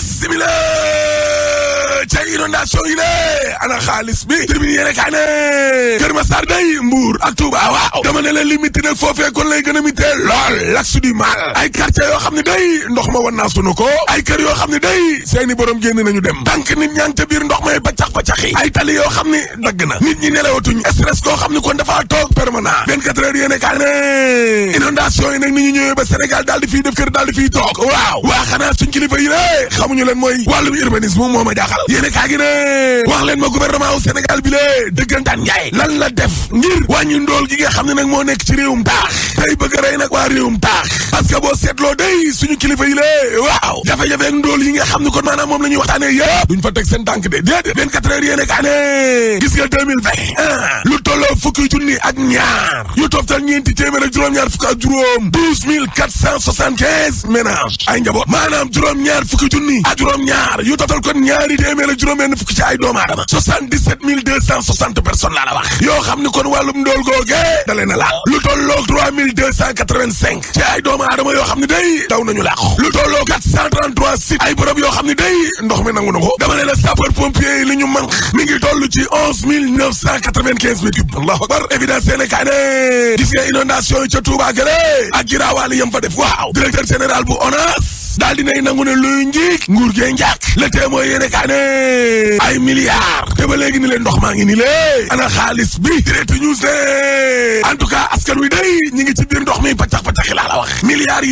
bismillah inondation yi ne ana xaalis bi tribune yéene kaa ne Kër Massar ak Touba ah, waaw dama ne la limité nag foofee kon lay gën a mité lool l'axe mal ay quartier yoo xam ne day ndox ma wan naa sunu ko ay kër yoo xam ne day seeni borom génn nañu dem tànk nit ñaa ngi ca biir ndox may baccax baccax yi ay tali yoo xam ne dagg na nit ñi nelawatuñ stress koo xam ne kon dafaa toog permanent 24 heures yéene kaa ne inondation yi ni ñu ñëwee ba Sénégal daal di fii def kër daal di fii toog waaw waa xanaa suñ kilifa gi ne wax leen ma gouvernement wu Sénégal bi lee dëggantaan njaay lan la def ngir wàññi ndool gi nga xam ne nag moo nekk ci réewum taax tey bëgg a rey nag waa réewum taax parce que boo seetloo day suñu kilifa yi lee waaw jafe-jafe ak ndool yi nga xam ne kon maanaam moom la ñuy waxtaanee yëpp duñ fa teg seen tànk de déedéet 24 heures yéen ak année gis nga 2020 lu tolloo fukki junni ak ñaar yu toftal ñeenti téeméer ak juróom juróom 12 fukki junni ak juróom juróom-benn fukk ci ay doomu aadama 77 260 personnes laa la wax yoo xam ni kon wàllum ndool googe dalee na laal lu tolloog 3285 ci ay doomu aadama yoo xam ne day daw nañu làqu lu tolloog 433 sites ay bërëb yoo xam ne day ndox mi nangu na ko dama ne la sapeur pompier yi li ñu man mi ngi toll ci 11 995 mètres cubes allahu akbar évidence yéene kaay ne gis nga inondation yi ca Touba Thiès daal dinay nangu ne luy njiig nguur gee njàkk le témoin yéene kaa ne ay milliards te ba léegi ni leen ndox maa ngi ni lée ana xaalis bi direct news en tout cas askan wi day ñi ci biir ndox mi paccax paccaxi laa la wax milliards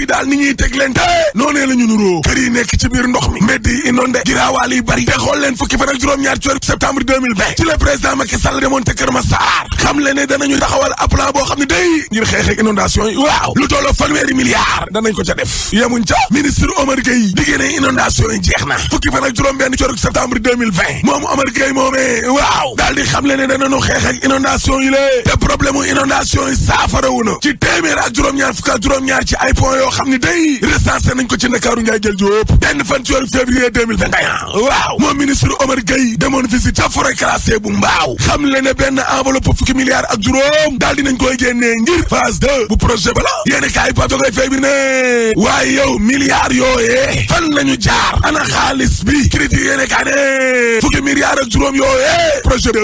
yi daal ni ñuy teg leen te la ñu nuroo nekk ci biir ndox mi mbedd yi inondé giraawaal yi bari te xool leen fukki fan ak juróom-ñaar ci weeru septembre 2020 ci la président Macky Sall demoon te Kër Massar xam le danañu taxawal ab plan boo xam ne day ngir xeexeeg inondation yi waaw lu tolloo fanweeri milliards danañ ko ca def yemuñ ca ministre Omar Gueye diggée ne inondation yi jeex na fukki problème inondation yi saafara wu na ci téeméer ak juróom-ñaar fukk ak juróom-ñaar ci ay yoo xam ne day recensé nañ ko ci Ndakaaru Njaay jël benn fan waaw moom ministre Omar Gueye demoon visite ca forêt bu mbaaw xam le ne benn enveloppe fukki milliards ak juróom daal dinañ koy génnee ngir phase 2 bu projet bala yéeni kaay pa jogoy fay bi ne waaye yow milliards yooyee fan lañu jaar ana xaalis bi critique yéene kaay fukki milliards ak juróom yooyee projet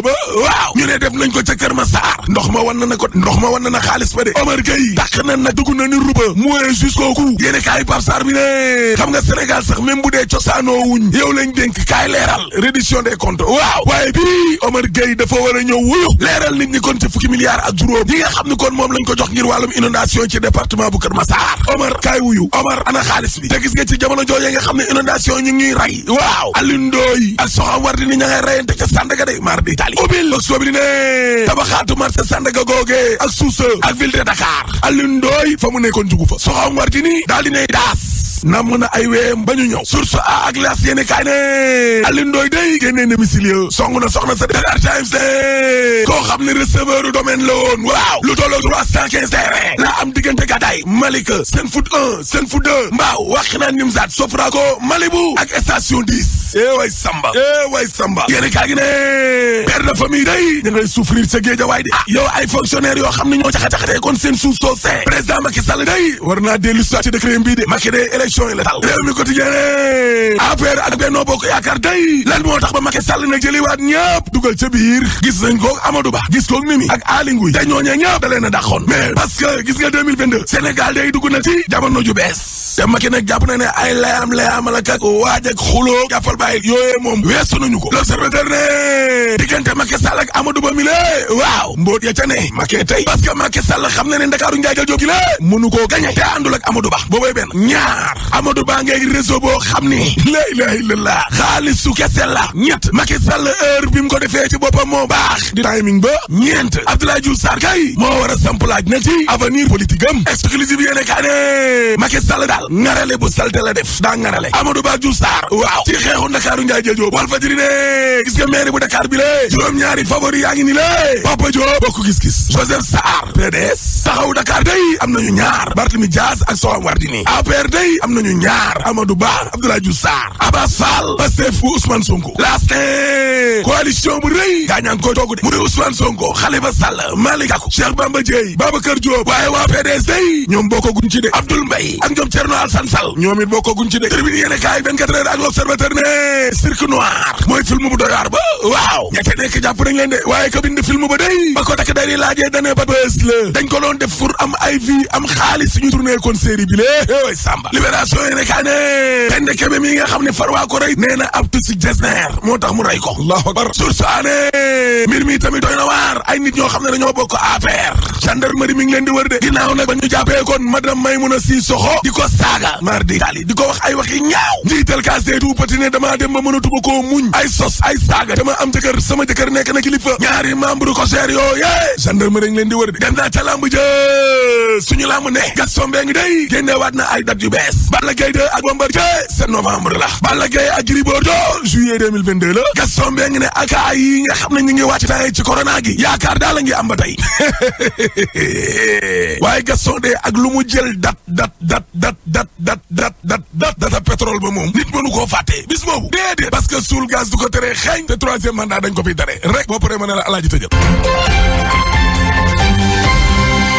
ko ca Kër Massar ndox ndox ma wan na xaalis ba de Omar Gueye dàq na nag dugg na ni ruba mooy jusqu'au cou yéene kaay Pape Sarr bi ne xam nga Sénégal sax même bu dee cosaanoo wuñ yow lañ dénk kaay leeral reddition des comptes waaw waaye bii Omar Gueye dafa war a ñëw wuyu leeral nit ñi kon ci fukki milliards ak juróom yi nga xam ni kon moom lañ ko jox ngir wàllum inondation ci département bu Kër Massar Omar kaay wuyu Omar ana xaalis bi te gis nga ci jamono jooje nga xam ne inondation googee ak suusa ak ville de Dakar Alioune Ndoye fa mu nekkoon jugu fa soxaam ci ni daal di nay daas nam na ay weem ba ñu ñëw source a ak las yéene kaay ne Alioune Ndoye day génnee na misilio song na soxna sa Dakar Times de koo xam ne receveur domaine la woon waaw lu tolloo trois cent quinze terrain la am diggante gàddaay Malika seen foot un seen foot deux mbaaw wax naan Nimzaat Sofraco Malibu ak station dix eeway eh Samba eeway eh Samba yéene kaay ne père de famille fonctionnaire yoo xam ne ñoo caxa kon seen suuf soosee président Macky Sall day war naa dellu si ci décret bii la moo tax ba Macky Sall nag jëliwaat ñëpp dugal ca biir gis nañ ko Amadou Ba gis ko Mimi ak Aly Ngouille te ñooñee ñëpp da leen a dàqoon mais parce que gis nga 2022 Sénégal day dugg na ci jamono ju bees te Macky nag jàpp na ne ay layam layam la kak waaj ak xuloo jàppal bàyyi yooyee moom weesu nañu ko l'observateur ne diggante Macky Sall ak Amadou Ba mi le waaw mbóot ya ca ne Macky tey parce que Macky Sall xam na ne Ndakaaru njaajal jóg gi la mënu koo gañe te àndul ak Amadou Ba boobay benn ñaar Amadou Ba ngay réseau boo xam ni la ilaha illallah xaalis su kese la ñett Macky Sall heure bi mu ko defee ci boppam moo baax di timing ba ñeent Abdoulaye Diouf kay moo war a na ci avenir politique am exclusive yéene kaa ne daal ngarale bu salte la def daa ngarale Amadou Ba Diouf Sarr waaw ci xeexu Ndakaaru njaajal jóg Walfadjri ne gis Joseph Sarr PDS taxaw Dakar day am nañu ñaar Barthélemy Dias ak Soham Wardini APR day am nañu ñaar Amadou Ba Abdoulaye Diouf Sarr Abbas Fall Pastef bu Ousmane Sonko last coalition bu rëy gaa ñaa ngi koy toogu de mu ne Ousmane Sonko Khalifa Sall Malick Gakou Cheikh Bamba Dièye Babacar Diop waaye waa PDS day ñoom bokkaguñ ci de Abdoul Mbaye ak ñoom Thierno Alassane Sall ñoom it bokkaguñ ci de tribune yéene kaay 24 heures ak l'observateur ne cirque noir mooy film waajee dane ba bees la dañ ko doon def pour am ay vie am xaalis suñu tourné kon série bi lée eh way sàmba libération yi nekaa ne pende kebe mi nga xam ne farwaa ko rey nee na ab tusik jesner moo tax mu rey ko allahu akbar mbir mi tamit doy na waar ay nit ñoo xam ne dañoo bokk affaire gendarmerie mi ngi leen di wër de ginnaaw nag ba ñu jàppee kon madame Maimouna Sissoko di ko saaga mardi daal di ko wax ay wax yi ñaaw njiital kaasee tout petit ne dama mën ngi leen di wër de dem naa ca lamb ja suñu lamb ne Gaston Mbengue day génneewaat na ay date yu bees Balla Gaye 2 ak Bombardier c'est novembre la Balla Gaye ak Gris Bordeaux juillet 2022 la Gaston Mbengue ne aka yi nga xam ne ñu ngi wàcc tey ci corona gi yaakaar daal la ngi am ba tey waaye Gaston de ak lu mu jël date date date date date date date date date data pétrole ba moom nit mënu koo fàttee bis boobu déedéet parce que suul gaz du ko tere ko fiy tere rek boo paree ma ne la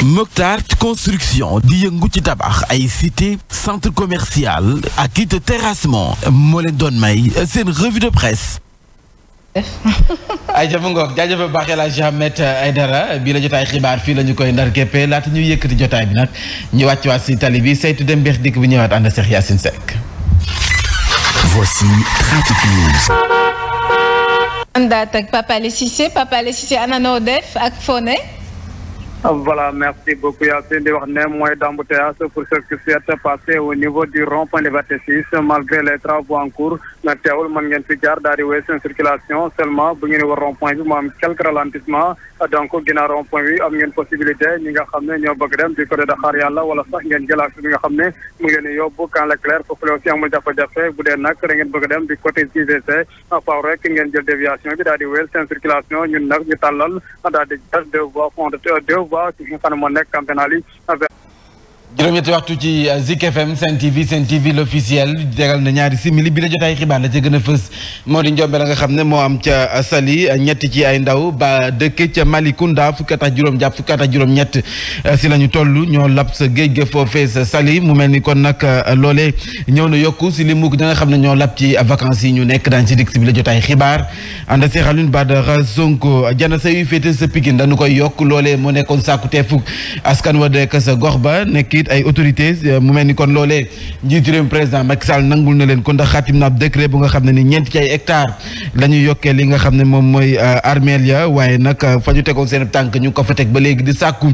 Moctar construction di yëngu ci tabax ay cité centre commercial ak it terrassement moo leen doon may seen revue de presse. ay jafe ngoog jaajëf baaxee la ay dara bii la jotaay xibaar fii la ñu koy ndar géppee laata ñuy yëkkati jotaay bi nag ñu wàcc si tali bi saytu dem beex dikk bi ñëwaat ànd Cheikh Yacine Seck. Voici àndaat ak Papa Alé Cissé Papa Alé Cissé ana def ak fone Voilà, merci beaucoup Yacine di wax ne mooy dambu théâtre pour ce qui s'est au niveau du rond-point Liberté 6 malgré les travaux en cours na teewul mën ngeen fi jaar daal di wéy seen circulation seulement bu ngeen war rond-point bi mu donc ginnaaw rond-point am ngeen possibilité ñi nga xam ne ñoo bëgg dem di côté de Xaar Yàlla wala sax ngeen jëlaat bi nga xam ne mu ngi leen di yóbbu Camp Leclerc foofu la aussi jafe-jafe bu dee ngeen bëgg dem du côté bi daal di wéy seen circulation ñun nag ñu tàllal daal Touba ci fi nga xam ne moo juróom-ñetti waxtu ci euh, Zik FM Sen TV Sen TV l'officiel tegal na ñaari simili bi la jotaay xibaar la ca gën a fës moo di njombe la nga xam ne moo am ca euh, Saly ñett ci ay ndaw ba dëkk ca Malicounda fukki juróom jàpp fukki at ak juróom-ñett euh, si la ñu toll ñoo lab sa géej ga foofee sa sali mu mel ni kon nag loole ñëw na yokk si li mukk ña nga xam ne ñoo lab ci vacances yi ñu nekk daan si dik si bi la jotaay xibaar ànd ak Alioune a Sonko jana sa yu féete sa Pikine dañu koy yokk loolee moo nekkoon sàkku teefuk askan wa dëkk sa gox ba it ay autorités euh, mu mel ni kon loole njiitu réew président Macky Sall nangul na leen ndax xaatim na ab décret bu nga ne ni ñeenti ci ay hectares la yokkee li nga xam ne moom mooy euh, armeel ya waaye nag euh, fa ñu tegoo seen tànk ñu ko fa teg ba léegi di sàkku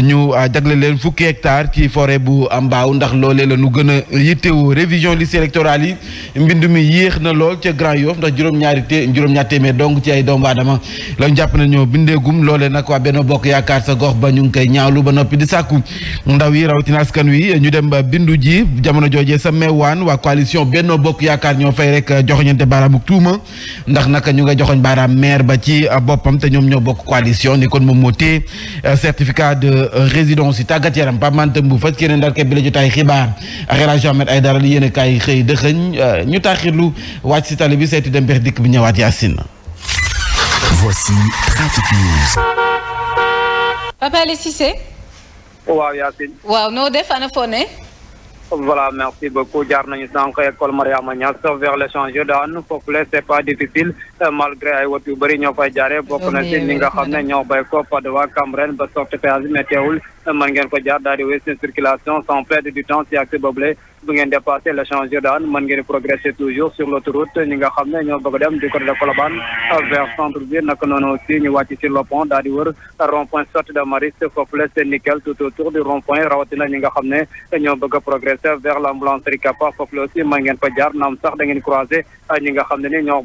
ñu jagle leen fukki hectares ci forêt bu mbaaw ndax loolee la nu gën a yittewoo révision liste électorale yi mbind mi yéex na lool ca Grand Yoff ndax juróom-ñaari té juróom-ñaar ci ay doomu aadama lañu jàpp na ñoo bindeegum loole nag waa benn bokk yaakaar sa gox ba ñu ngi koy ñaawlu ba noppi di sàkku rawatina askan wi ñu dem bindu ji jamono joojee sa meewaan waa coalition Benno Bokk Yaakaar ñoo fay rek euh, joxoñante baaraamu tuuma ndax naka ñu nga joxoñ baaraam maire ba ci euh, boppam te ñoom ñoo bokk coalition ni kon moom moo téye euh, certificat de résidence yi tàggat yaram Pape Mante Mbu fas yéene ndar bi la jotaay xibaar ak El Hadj Ahmed Aïdara li yéen a kaay xëy dëxëñ ñu taaxirlu wàcc si tali bi seeti dem beex dikk bi ñëwaat Yacine. Voici Trafic News. waaw Yacine. waaw noo def ana foo ne. voilà merci beaucoup jaar nañu sànq ya Mariama Niass vers l'échange daan foofu la c'est pas difficile euh, malgré ay wat yu bëri ñoo fay jaare bokk na ci ñi nga xam ne ñoo bay ko Padoa Cambérène ba sorti péage bi mais teewul mën ngeen ko jaar daal di wéy seen circulation sans perdre du temps si accès boobule bu ngeen dépassé le daan mën ngeen progresser toujours sur l'autoroute ñi nga xam ne ñoo bëgg dem du côté de Colobane vers centre bi naka noonu aussi ñu wàcc sur le pont daal di wër rond Maris foofu la tout autour du rond rawatina ñi nga xam ne ñoo bëgg progresser vers l'ambulancerie Kappa foofu aussi mën ngeen fa jaar naam sax da croisé ñi nga xam ne ni nga xam ne ñoo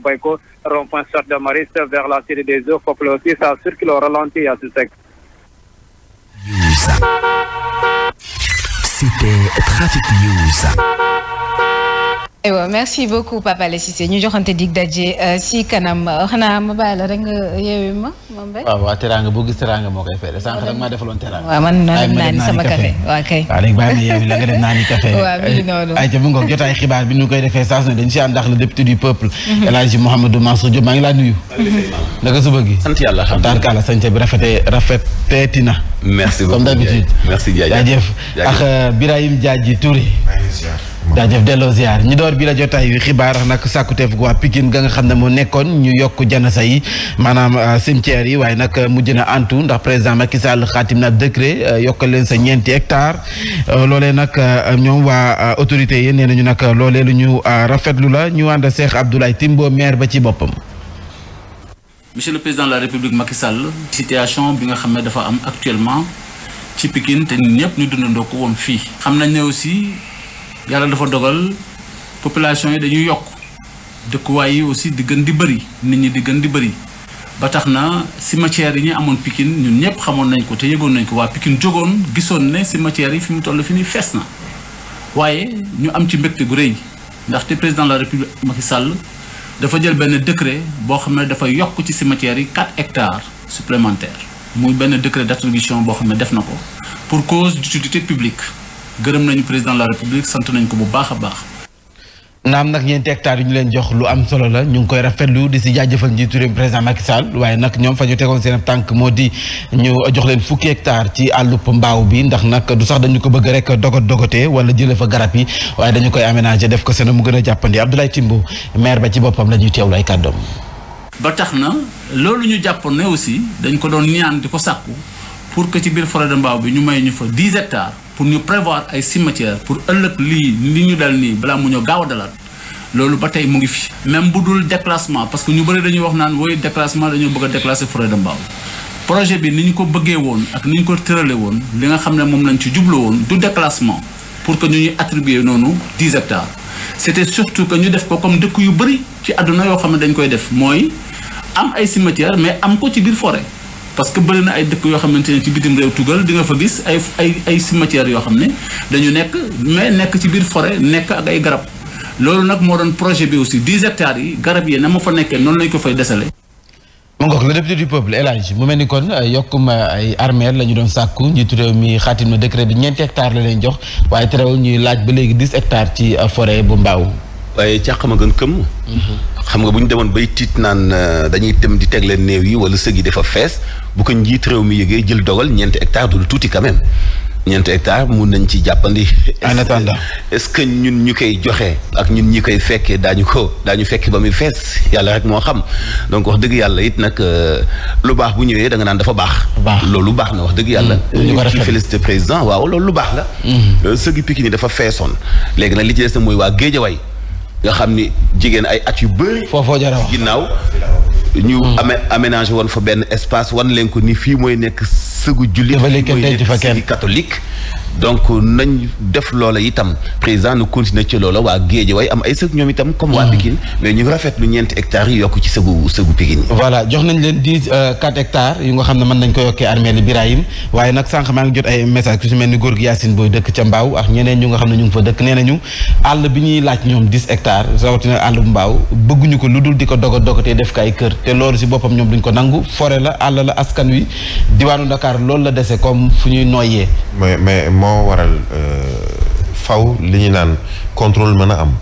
bàyyi ko rond point sortie Maris vers la cité des eaux partir ensuite. C'était Traffic News. Eh aywa merci beaucoup Papa Alé Cissé ñu joxante dig daje euh, si kanam euh, xanaa ma bàyyi la rek ma moom rek. waaw waaw teraanga boo gis teraanga moo koy fere sànq rek maa defaloon teraanga. waaw man naa ni sama café waaw kay. waaw léegi bàyyi ma yeewi dem naa ni café. waaw jotaay xibaar bi ñu koy defee saa su ne dañ si ànd ak le député du peuple. Mhm. El Hadji Mouhamadou Mansour Diop maa ngi laa nuyu. naka suba gi. sant yàlla alhamdulilah taar kàlla bi rafetee rafeteeti na. merci beaucoup comme d'habitude. merci jaajëf jaajëf ak euh, Birahim Diadji daa jaajëf delloo ziar ñu door bii la jotaayu xibaar nag sàkkuteef gu waa Pikine ga nga xam ne moo nekkoon ñu yokk janasa yi maanaam euh, cimetière yi waaye nag euh, mujj na antu ndax président Macky Sall xaatim na décret euh, yokkal leen sa ñeenti hectare loolee nag ñoom waa autorités yi nee nañu nag loolee lu ñu rafetlu la ñu ànd Cheikh Abdoulaye Timbo maire ba ci boppam. monsieur le président la république Macky Sall situation bi nga xam ne dafa am actuellement ci Pikine te ñëpp ñu dundandoo ko woon fii. xam nañ ne aussi. yàlla dafa dogal population yi dañuy yokk dëkkuwaay yi aussi di gën di bëri nit ñi di gën di bëri ba tax na cimetière yi ñu amoon Pikine ñun ñëpp xamoon nañ ko te yëgoon nañ ko waa Pikine jógoon gisoon ne cimetière yi fi mu toll fi ni fees na waaye ñu am ci mbégte gu rëy ndaxte président la république Macky Sall dafa jël benn décret boo xam ne dafa yokk ci cimetière yi 4 hectares supplémentaires muy benn décret d'attribution boo xam ne def na ko pour cause d'utilité publique gërëm nañu président de la république sant nañ ko bu baax a baax. naam nag ñeenti hectares yu ñu leen jox lu am solo la ñu ngi koy rafetlu di si jaajëfal njiitu réew président Macky Sall waaye nag ñoom fa ñu tegoon seen tànk moo di ñu jox leen fukki hectares ci àllub mbaaw bi ndax nag du sax dañu ko bëgg rek dogot dogotee wala jëlee fa garab yi waaye dañu koy aménager def ko seen mu gën a jàppandi Abdoulaye Timbo maire ba ci boppam la ñuy teewlu ay kàddoom. ba tax na loolu ñu jàppoon ne aussi dañ ko doon ñaan di ko sàkku pour ko ci biir forêt de ñu pour ñu prévoir ay cimetière pour ëllëg lii li ñu dal nii balaa mu ñoo gaaw a dalaat loolu ba tey mu ngi fi même bu dul déclassement parce que ñu bëri dañuy wax naan woy déclassement dañoo bëgg a déclasser de Mbao projet bi ni ñu ko bëggee woon ak ni ñu ko tërale woon li nga xam ne moom lañ ci jublu woon du déclassement pour que ñu ñuy attribuer noonu 10 hectares et surtout que ñu def ko comme dëkk yu bëri ci àdduna yoo xam ne dañ koy def mooy am ay cimetière mais am ko ci biir forêt parce que bëri na ay dëkk yoo xamante ne ci bitim réew tugal di nga fa gis ay ay ay cimetières yoo xam ne dañu nekk mais nekk ci biir forêt nekk ak ay garab loolu nag moo doon projet bi aussi 10 hectares yi garab yi na ma fa nekkee noonu lañ ko fay desale mu ngoog le député du peuple El Hadj mu mel ni kon euh, yokkum euh, ay armeel la ñu doon sàkku njiitu réew mi xaatim na décret bi ñeenti hectares la leen jox waaye terewul ñuy laaj ba léegi 10 hectares ci euh, forêt bu mbaaw waaye càq ma gën këmm mm-hmm. xam nga bu ñu demoon bay tiit naan dañuy dem di teg leen néew yi wala sëg yi dafa fees bu ko njiit réew mi yëgee jël dogal ñeenti hectare du lu tuuti quand même ñeenti hectare mun nañ ci jàppandi. en attendant est-ce que ñun ñu koy joxe ak ñun ñi koy fekkee daañu ko daañu fekk ba muy fees yàlla rek moo xam donc wax dëgg yàlla it nag euh, lu baax bu ñëwee da nga naan dafa baax. loolu baax na wax dëgg yàlla. Mm. ñu ko rafetlu félicité président waaw loolu lu baax la. Mm. Euh, sëgi Pikine dafa feesoon. léegi nag li ci des mooy waa Géejawaay nga xam ni jigéen ay at yu bëri. foofoo jar a wax ginnaaw. ñu hmm. amé aménagé woon fa benn espace wan leen ko ni fii mooy nekk sëgu julli mooy nekk sëgu catholique donc nañ def loola itam président nu continuer ci loola waa géej waaye am ay sëg ñoom itam comme waa mm. Pikine mais ñu rafet lu ñeenti hectares yi yokk ci sëgu sëgu Pikine yi voilà jox nañ leen dix euh, quatre hectares yu nga xam ne mën nañ ko yokkee armée li Birahim waaye nag sànq maa ngi jot ay message ku si mel ni góor gi Yacine booy dëkk ca Mbaaw ak ñeneen ñu nga xam ne ñu ngi fa dëkk nee nañu àll bi ñuy laaj ñoom dix hectares rawatina àll bu mbaaw bëgguñu ko lu dul di ko doga dogatee def ay kër te loolu si boppam ñoom duñ ko nangu forêt la àll la askan wi diwaanu Dakar loolu la dese comme fu ñuy nooyee moo waral euh, faw li ñu naan contrôle mën a am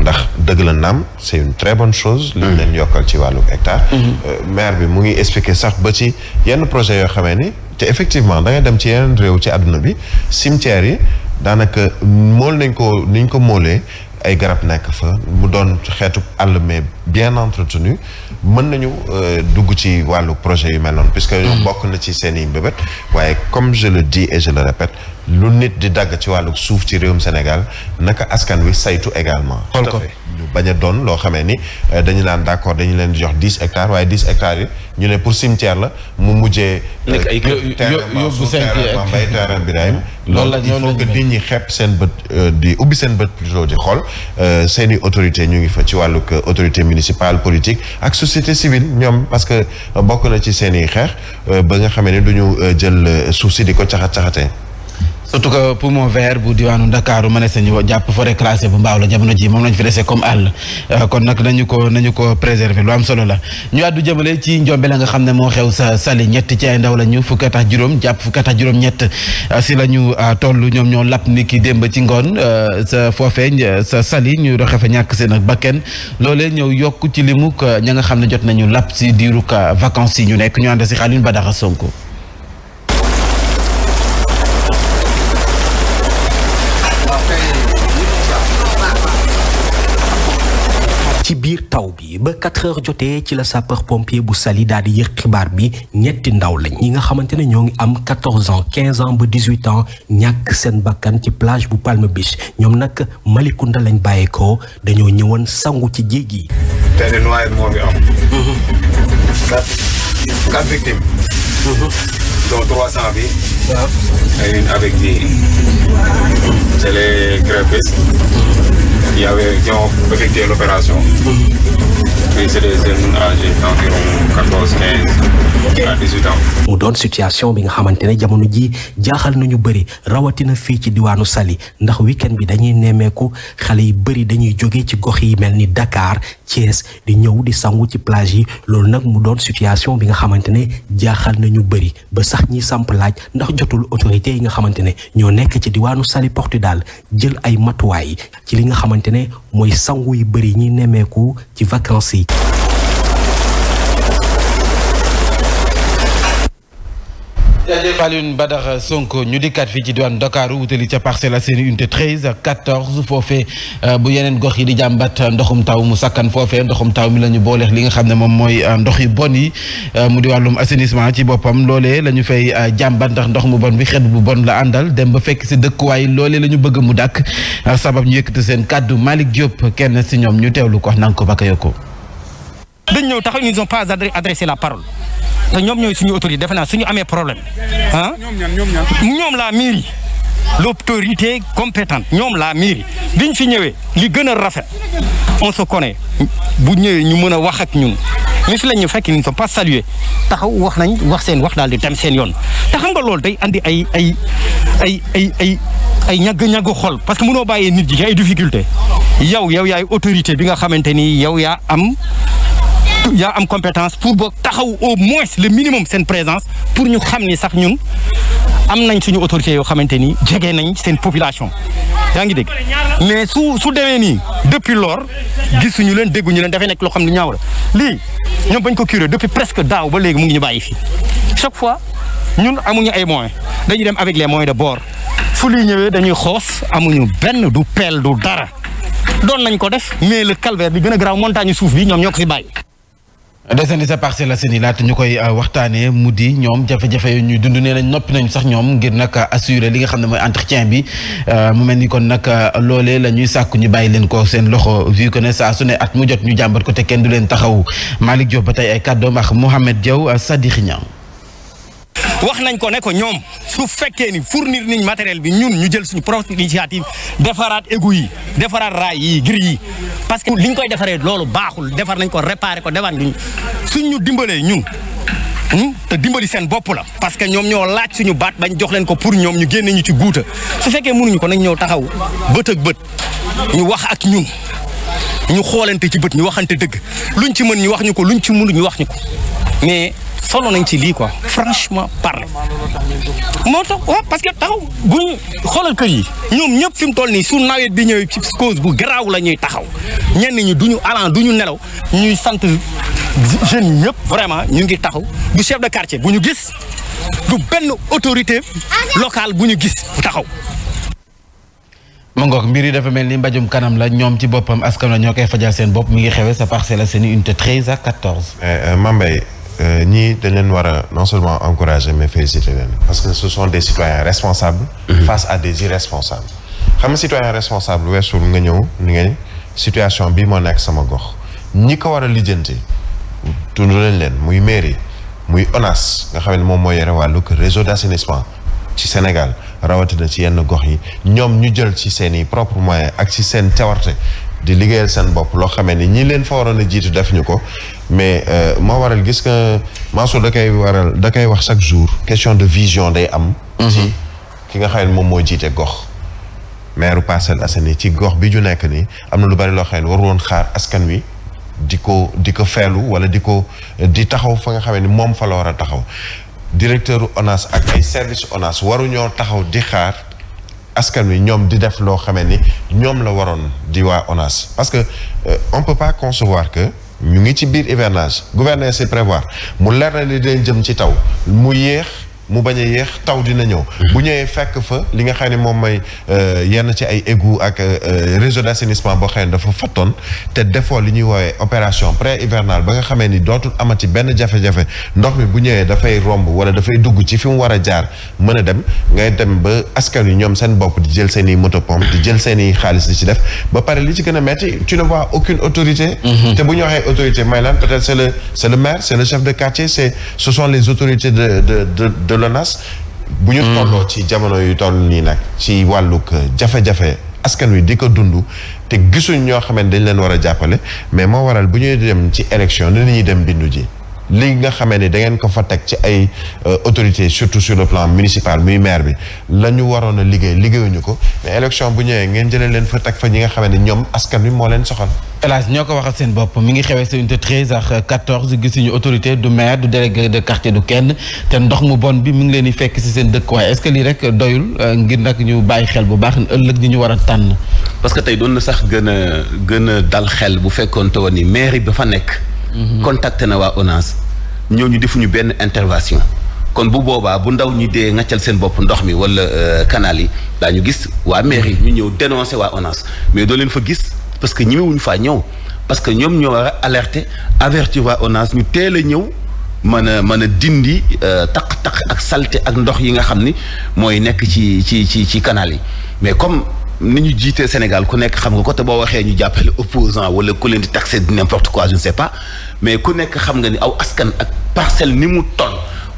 ndax dëgg la naam c' une très bone chose. li ñu mm. leen yokkal ci wàllu hectare. Mm-hmm. Euh, maire bi mu ngi expliquer sax ba ci yenn projet yoo xamee ni te effectivement da ngay dem ci yeneen réew ci àdduna bi cimetière yi daanaka mool nañ ko ni ko moolee ay garab nekk fa mu doon xeetu àll mais bien entretenu mën nañu euh, dugg ci wàllu projet yu mel noonu. puisque mm. bokk na ci seen i mbébét waaye comme je le dis et je le répète. lu nit di dagg ci wàllu suuf ci réewum Sénégal naka askan wi saytu également. xool ko ñu bañ a doon loo xamee ni euh, dañu naan d' accord dañu leen di jox dix hectares waaye dix hectares yi ñu ne pour cimetière la mu mujjee. Euh, nekk ay yóbbu terrain Birahim loolu la il faut que nit ñi xepp seen bët euh, di ubbi seen bët plutôt di xool seen i autorité ñu ngi fa ci wàllug autorité municipale politique ak société civile ñoom parce que bokk na ci seen i xeex ba nga xamee ne du ñu jël suuf si di ko caxat caxatee. surtout que poumon vert bu diwaanu Ndakaaru ma ne sañu jàpp forêt classée bu mbaaw la jamono ji moom lañ fi dese comme àll euh, kon nag nañu ko nañu ko préserver lu am solo la ñu àddu jëmale ci njombe la nga xam ne moo xew sa sali ñett ci ay ndaw la ñu fukki at juróom jàpp fukki at juróom ñett euh, si la ñu euh, toll ñoom ñoo lapp ni ki démb ci ngoon sa foofe sa sali ñu doxe fa ñàkk nag ba kenn loolee ñëw yokk ci limuk ña nga xam ne jot nañu lapp si diiru vacance yi ñu nekk ñu ànd si Xalin Badara Sonko ci biir taw bi ba quatre heures jotee ci la sapeur pompier bu Saly daal di yëg xibaar bi ñetti ndaw lañ ñi nga xamante ne ñoo ngi am quatorze ans quinze ans ba dix-huit ans ñàkk seen bakkan ci plage bu Palm Beach ñoom nag Malicounda lañ bàyyeekoo dañoo ñëwoon sangu ci géej gi. tey moo yi am. quatre victimes. dont trois cent bi. y avait qui ont l'opération. Et mu doon situation bi nga xamante ne jamono ji jaaxal ñu bari rawatina fii ci diwaanu sali ndax week bi dañuy nemmeeku xale yi bari dañuy jóge ci gox yi mel ni dakaar Thiès di ñëw di sangu ci plage yi loolu nag mu doon situation bi nga xamante ne jaaxal ñu bari ba sax ñi samp laaj ndax jotul autorité yi nga xamante ne ñoo nekk ci diwaanu Saly Portudal jël ay matuwaay ci li nga xamante ne mooy sangu yu bëri ñuy nemmeeku ci vacances yi jaajëf Alioune Badara Sonko ñu di kaat fi ci diwaan Dakar wutali ca Parcelles Assainies unité 13 ak 14 foofe euh, bu yeneen gox yi di jàmbat ndoxum taw mu sakkan foofee ndoxum taw mi la ñu booleex li nga xam ne moom mooy euh, ndox yu bon yi euh, mu di wàllum assainissement ci boppam loolee la ñu fay jàmbat ndax ndox mu bon bi xet bu bon la àndal dem ba fekk si dëkkuwaay loolee la ñu bëgg mu dàkk sabab ñu yëkkati seen kàddu Malick Diop kenn si ñoom ñu teewlu ko wax nanga ko ba ko dañ ñëw taxaw ils n'ont pas adressé la parole te ñoom ñooy suñu autorité defe naa suñu amee problème ah ñoom la mairie l'autorité compétente ñoom la mairie biñ fi ñëwee li gën a rafet on se connaît bu ñëwee ñu mën a wax ak ñun mais fi lañ ñu fekk ñu sont pas salué taxaw wax nañ wax seen wax daal di dem seen yoon te xam nga loolu day andi ay ay ay ay ay ay ñagg-ñagg xool parce que mënoo bàyyee nit ji ay difficulté yow yow yaay autorité bi nga xamante ni yow yaa am yaa am compétence pour boog taxaw au moins le minimum seen présence pour ñu xam ni sax ñun am nañ suñu autorité yoo xamante ni jege nañ seen population yaa ngi dégg mais su su demee nii depuis lors gisuñu leen dégguñu leen dafay nekk loo xam ne ñaaw la lii ñoom bañ ko curé depuis presque daaw ba léegi mu ngi ñu bàyyi fii chaque fois ñun amuñu ay moyens dañuy dem avec les moyens de bord fu luy ñëwee dañuy xoos amuñu benn du peel du dara doon nañ ko def mais le calvaire bi suuf bi ñoom ñoo ko fi desandi sa Parcelles Assainies laata ñu koy euh, waxtaanee mu di ñoom jafe-jafe yu ñuy dund nee nañ noppi nañ sax ñoom ngir nag assurer li nga xam ne mooy entretien bi euh, mu mel ni kon nag euh, loole la ñuy sàkku ñu bàyyi leen ko seen loxo vu que ne saa su ne at mu jot ñu jàmbat ko te kenn du leen taxaw Malick Diop ba tey ay kàddoom ak Mouhamed Diaw Sadikh Niang wax nañ ko ne ko ñoom su fekkee ni fournir niñ matériel bi ñun ñu jël suñu propre initiative defaraat egu yi defaraat raay yi gir yi parce que li ñu koy defaree loolu baaxul defar nañ ko réparé ko defar nañ suñ ñu dimbalee ñun hmm, te dimbali seen bopp la parce que ñoom ñoo laaj suñu baat bañ jox leen ko pour ñoom ñu génne ñu ci guuta su fekkee mënuñu ko nañ ñëw taxaw bët ak bët ñu wax ak ñun ñu xoolante ci bët ñu waxante dëgg luñ ci mën ñu wax ñu ko luñ ci mënu ñu wax ñu ko solo nañ ci lii quoi franchement parler moo tax waaw parce que taxaw bu ñu xoolal kër yi ñoom ñëpp fi mu toll nii su nawet bi ñëwee ci cause bu garaaw la ñuy taxaw ñenn ñi duñu du ñu nelaw ñuy sant jeunes ñëpp vraiment ñu ngi taxaw du chef de quartier bu ñu gis du benn autorité locale bu ñu gis bu taxaw. mangook mbir yi dafa mel ni mbajum kanam la ñoom ci boppam askan la ñoo koy fajal seen bopp mi ngi xewee sa Parcelles Assainies unité 13 à 14. Eh, eh, Mambay. Euh, ñii dañ leen war a non seulement encourager mais féliciter leen parce que ce sont des citoyens responsables mhm. face à des irresponsables xam nga citoyen responsable weesul nga ñëw ni nga situation bii moo nekk sama gox ñi ko war a lijjanti tund leen leen muy mairie muy ONAS nga xam ne moom moo yore wàllu réseau d'assainissement ci Sénégal rawatina ci yenn gox yi ñoom ñu jël ci seen i propres moyens ak ci seen cawarte di liggéeyal seen bopp loo xamee ni ñi leen fa waroon a jiitu def ñu ko mais euh, moo waral gis nga Mansour da koy waral da koy wax chaque jour question de vision day am. Mhm. ci ki nga xam ne moom moo jiite gox. maire Parcelles Assainies ci gox bi ñu nekk nii am na lu bari loo xam ne waru woon xaar askan wi di ko di ko feelu wala di ko di taxaw fa nga xamee ni moom fa la war a taxaw directeur ONAS ak ay service ONAS waruñoo taxaw di xaar. askan wi ñoom di def loo xamee ni ñoom la waroon di waa ONAS parce que euh, on peut pas concevoir que ñu ngi ci biir hivernage gouverner si prévoir mu leer na li dinañ jëm ci taw mu yéex. mu bañ a yéex taw dina ñëw bu ñëwee fekk fa li nga xam ne moom mooy euh, yenn ci ay égout ak euh, euh, réseau d'assainissement boo xam ne dafa fattoon te defoo li ñuy woowee opération pré hivernale ba nga xamee ni dootul amati benn jafe-jafe ndox mi bu ñëwee dafay romb wala dafay dugg ci fi mu war a jaar mën a dem ngay dem ba askan wi ñoom seen bopp di jël seen i moto pompe di jël seen xaalis di ci def ba pare li ci gën a metti tu aucune autorité mhm. te bu ñu waxee autorité may lan peut-être c'est l'ONAS bu ñu tolloo ci jamono yu toll nii nag ci wàllug jafe-jafe askan wi di ko dund te gisuñ ñoo xamante dañ leen war a jàppale mais moo waral bu ñuy dem ci élection ni ñuy dem bindu ji li nga xamee ni da ngeen ko fa teg ci ay euh, autorités surtout sur le plan municipal muy maire bi la ñu waroon a liggéey liggéeyuñu ko mais élection bu ñëwee ngeen jëlee leen fa teg fa ñi nga xamee ni ñoom askan bi moo leen soxal. hélas ñoo ko waxal seen bopp mi ngi xewee sa unité 13 ak 14 gisuñu autorité du maire du délégué de quartier du kenn te ndox mu bon bi mu ngi leen di fekk si seen dëkkuwaay est-ce que lii rek doyul euh, ngir nag ñu bàyyi xel bu baax ëllëg ñi ñu war a tànn. parce que tey doon na sax gën a gën a dal xel bu fekkoon te ni maire bi fa nekk. Mm-hmm. contacté na waa ONAS ñooñu defuñu benn intervention kon bu boobaa bu ndaw ñu dee ngaccal seen bopp ndox mi wala euh, canal yi daa ñu gis waa mairie ñu ñëw dénoncé waa ONAS mais doo leen fa gis parce que ñemewuñu faa ñëw parce que ñoom ñoo war a alerter avertir waa ONAS ñu teel a ñëw mën a mën a dindi euh, taq-taq ak salte ak ndox yi nga xam ni mooy nekk ci ci ci ci canal yi mais comme ni ñu jiitee Sénégal ku nekk xam nga ko te boo waxee ñu jàppale opposant wala ku leen di taxé di n'importe mais ku nekk xam nga ni aw askan ak parcelle ni mu ton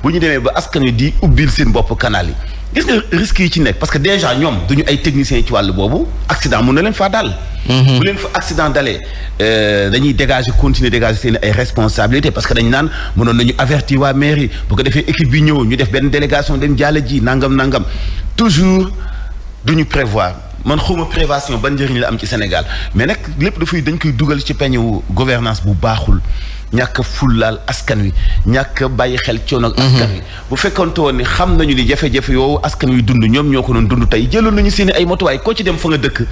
bu ñu demee ba askan wi di ubbil seen bopp canal yi gis na risques yi ci nekk parce que déjà ñoom duñu ay techniciens ci wàll boobu accident mun na leen faa daal. Mhm. bu leen fa accident dalee euh, dañuy dégager continuer dégager seen ay responsabilité parce que dañ naan mënoon nañu averti waa mairie bu ko defee équipe bi ñëw ñu def benn délégation dem jàll ji nangam nangam toujours duñu prévoir. man xawma prévation ba njëriñ la am ci Sénégal mais nag lépp da fi dañ koy dugal ci peñewu gouvernance bu baaxul ñàkk fullaal askan wi ñàkk bàyyi xel coono ak askan wi mhm. bu fekkonte woon ni xam nañu ni jafe-jafe yow askan wi dund ñoom ñoo ko doon dund tey jëloon nañu seen ay motuwaay koo ci dem fa nga dëkk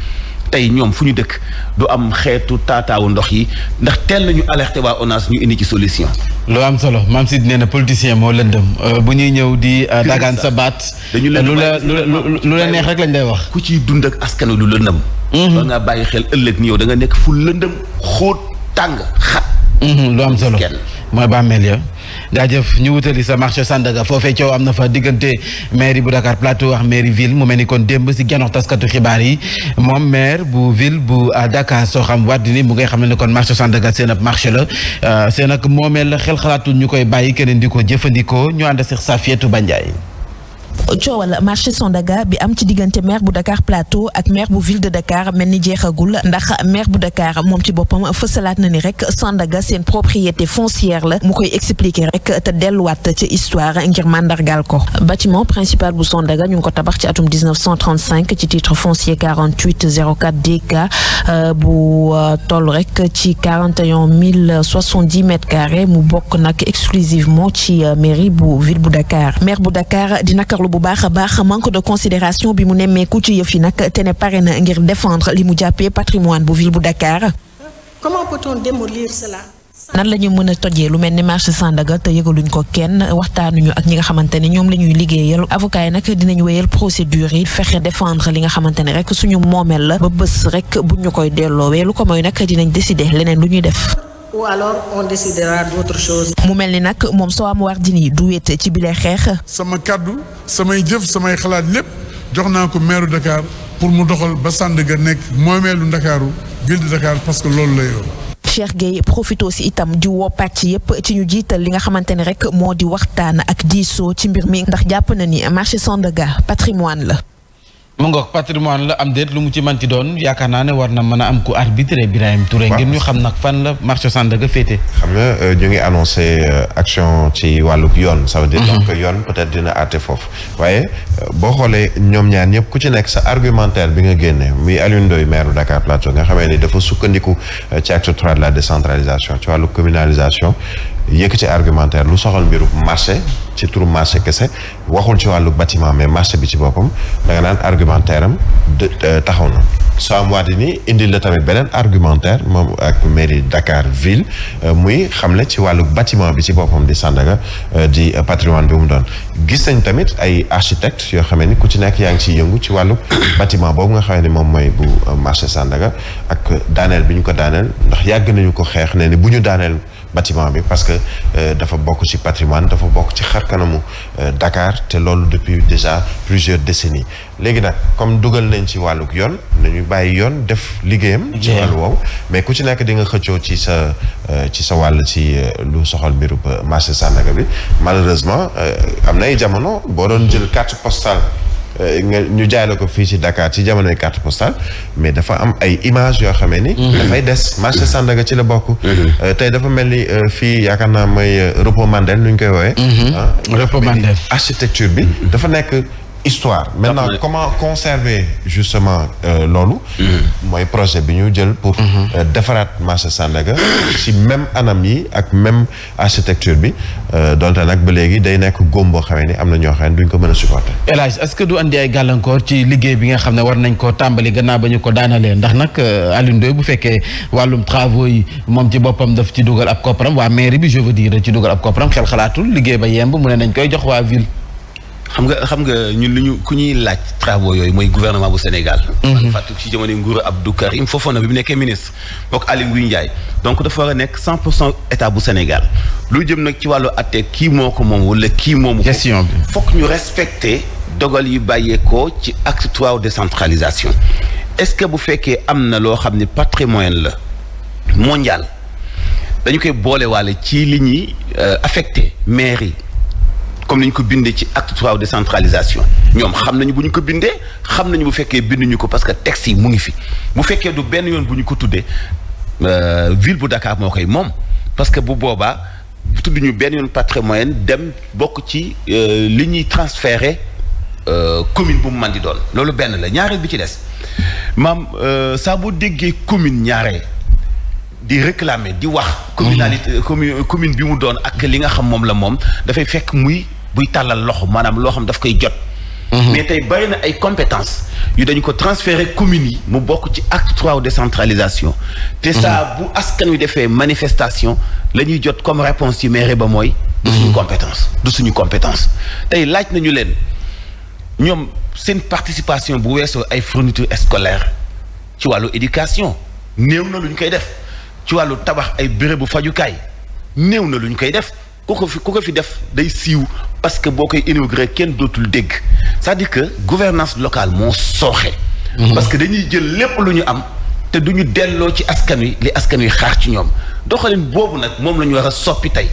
tey ñoom fu ñu dëkk du am xeetu tataawu ndox yi ndax teel nañu alerté waa ONAS ñu indi ci solution. lu am solo maam Sid nee na politicien moo lëndëm euh, bu ñuy ñëw di. Euh, dagaan sa baat dañu lu la lu la neex rek lañ lay wax. ku ciy dund ak askan lu lëndëm. ba mhm. nga bàyyi xel ëllëg ni yow da nga nekk fu lëndëm xóot tàng xat. Mhm, lu am solo mooy bàmmeel ya jaajëf ñu wutali sa marché Sandaga foofee coow am na fa diggante mairie bu Dakar Plateau ak mair ville mu mel ni kon démb si genox taskatu xibaar yi moom maire bu ville bu Dakar soo xam wàddi ni mu ngay xam ne kon marché Sandaga seen ab marché la euh, seen ak moomeel la xel xalaatul ñu koy bàyyi keneen di ko jëfandikoo ñu ànd si Safietou Bandiaye coowal marché Sandaga bi am ci diggante maire bu Dakar Plateau ak maire bu ville de Dakar mel ni jeexagul ndax maire bu Dakar moom ci boppam fësalaat na ni rek Sandaga seen propriété foncière la mu koy expliquer rek te delluwaat ci histoire ngir màndargaal ko bâtiment principal bu Sandaga ñu ngi ko tabax ci atum 1935 ci titre foncier 48 04 euh, bu euh, toll rek ci 41 070 mètres carrés mu bokk nak exclusivement ci euh, mairie bu ville bu Dakar maire bu Dakar di nakarlu bu baax a baax manque de considération bi mu nemmeeku ci yëf yi nag te ne pare na ngir défendre li mu jàppee patrimoine bu ville bu Dakar. Comment nan la ñu mën a tojee lu mel ni marché Sandaga te yëgaluñ ko kenn waxtaanuñu ak ñi nga xamante ne ñoom la ñuy liggéeyal avocat yi nag dinañ wéyal procédure yi fexe défendre li nga xamante ne rek suñu moomeel la ba bés rek bu ñu koy delloowee lu ko mooy nag dinañ décider leneen lu ñuy def. ou mu mel ni nag moom soo am Wardini du wéet ci bile xeex. sama kaddu samay jëf samay xalaat lépp jox naa ko maire Dakar pour mu doxal ba Sandaga nekk moomeelu Ndakaaru ville de Dakar parce que loolu la yow. Cheikh Gueye profito itam di woo pàcc yëpp ci ñu jiital li nga xamante ne rek moo di waxtaan ak diisoo ci mbir mi ndax jàpp na ni marché Sandaga patrimoine la mu ngoog patrimoine la am déet lu mu ci man ci doon yaakaar naa ne war na mën a am ku arbitré Birahim Touré. ngir ñu xam nag fan la marché Sandaga féete. xam nga euh, ñu ngi annoncé euh, action ci wàllub yoon. ça veut dire mhm. donc yoon peut-être dina àtte foofu. waaye euh, boo xoolee ñoom ñaan ñëpp ku ci nekk sa argumentaire bi nga génne muy Alioune Ndoye maire Dakar Plateau nga xamee ni dafa sukkandiku ci acte trois de la décentralisation ci wàllu communalisation. ci argumentaire lu soxal mbiru marché ci turu marché kese waxul ci wàllu batiment mais marché bi ci boppam da nga naan argumentaire am euh, taxaw na soo am waati ni indil la tamit beneen argumentaire moom ak mairie Dakar ville euh, muy xam ne ci wàllu batiment bi ci boppam di sàndaga euh, di patrimoine bi mu doon gis nañ tamit ay architecte yoo xamee ni ku ci nekk yaa ngi ciy yëngu ci wàllu bâtiment boobu nga xamee ni moom mooy bu marché sàndaga ak daaneel bi ñu ko daaneel ndax yàgg nañu ko xeex ne bu ñu daaneel bâtiment bi parce que euh, dafa bokk ci patrimoine dafa bokk ci xar kanamu euh, Dakar te loolu depuis déjà plusieurs décennies léegi nag comme dugal nañ ci wàlluk yoon nañu bàyyi yoon def liggéeyam ci wàllu woowu mais ku ci nekk di nga xëccoo ci sa euh, ci sa wàll ci lu soxal mbirub marché Sandaga bi malheureusement am na ay jamono boo doon jël carte postale Euh, nga ñu jaay la ko fii ci Dakar ci jamonoy carte postale mais dafa am ay image yoo xamee ni mhm. dafay des marché mhm. Sandaga ci la bokk mhm. euh, tey dafa mel ni euh, fii yaakaar naa mooy repos Mandel nu ñu koy woowee ah, repos Mandel architecture bi dafa nekk histoire maintenant comment conserver justement euh, loolu mm-hmm. mooy projet bi ñu jël pour mm-hmm. euh, defaraat marché Sandaga si même anam yi ak même architecture bi euh, donte nag ba léegi day nekk góom boo xamee ni am na ñoo xam ne duñ ko mën a supporter El est-ce que du andi ay gàllankoor ci liggéey bi nga xam ne war nañ ko tàmbali gannaaw ba ñu ko daanalee ndax nag Alioune Ndoye bu fekkee wàllum travaux yi moom ci boppam daf ci dugal ab kopparam waa mairie bi je veux dire ci dugal liggéey ba yemb mu ne nañ koy jox waa ville xam nga xam nga ñun lu ñu ku ñuy laaj travaux yooyu mooy gouvernement bu Sénégal. man mhm. fàttali ci jamono nguuru Abdou Karim Fofana bi mu nekkee ministre bokk Aliou Ngouille Ndiaye donc dafa war a nekk 100 pour cent état bu Sénégal lu jëm nag ci wàllu àtte kii moo ko moom wala kii moomu. gestion bi ñu respecter dogal yu bàyyeekoo ci acte trois décentralisation est-ce que bu fekkee am na loo xam ne patrimoine la mondial dañu koy boolewaale ci li ñuy euh, affecté mairie. comme ni ñu ko bindee ci acte trois décentralisation ñoom xam nañu bu ñu ko bindee xam nañu bu fekkee binduñu ko parce que texte mu ngi fi bu fekkee du benn yoon bu ko tuddee euh, ville bu Dakar moo moom parce que bu boobaa tudd ñu benn yoon patrimoine dem bokk ci euh, li ñuy transférer euh, commune bu mu mën di doon loolu benn la ñaareel bi ci des maam saa boo déggee commune ñaaree di réclamer di wax mm-hmm. communalité commune bi mu doon ak li nga xam moom la moom dafay fekk muy buy tàllal loxo maanaam loo xam daf koy jot. Mhm. mais tey bari na ay compétences yu dañu ko transférer commune yi mu bokk ci acte trois décentralisation. te saa mhm. bu askan wi defee manifestation la ñuy jot comme réponse yi maire ba mooy. du suñu mhm. compétence du suñu compétence. tey laaj nañu leen ñoom seen participation bu weesoo ay fourniture scolaire ci wàllu éducation néew na lu ñu koy def ci wàllu tabax ay bérébu fajukaay néew na lu ñu koy def. ku ko fi ku ko fi def day siiw parce que boo koy inauguré kenn dootul dégg c'est-à-dire que gouvernance locale moo sooxe. Mhm. parce que dañuy jël lépp lu ñu am te du ñu delloo ci askan wi li askan wi xaar ci ñoom doxalin boobu nag moom la ñu war a soppi tey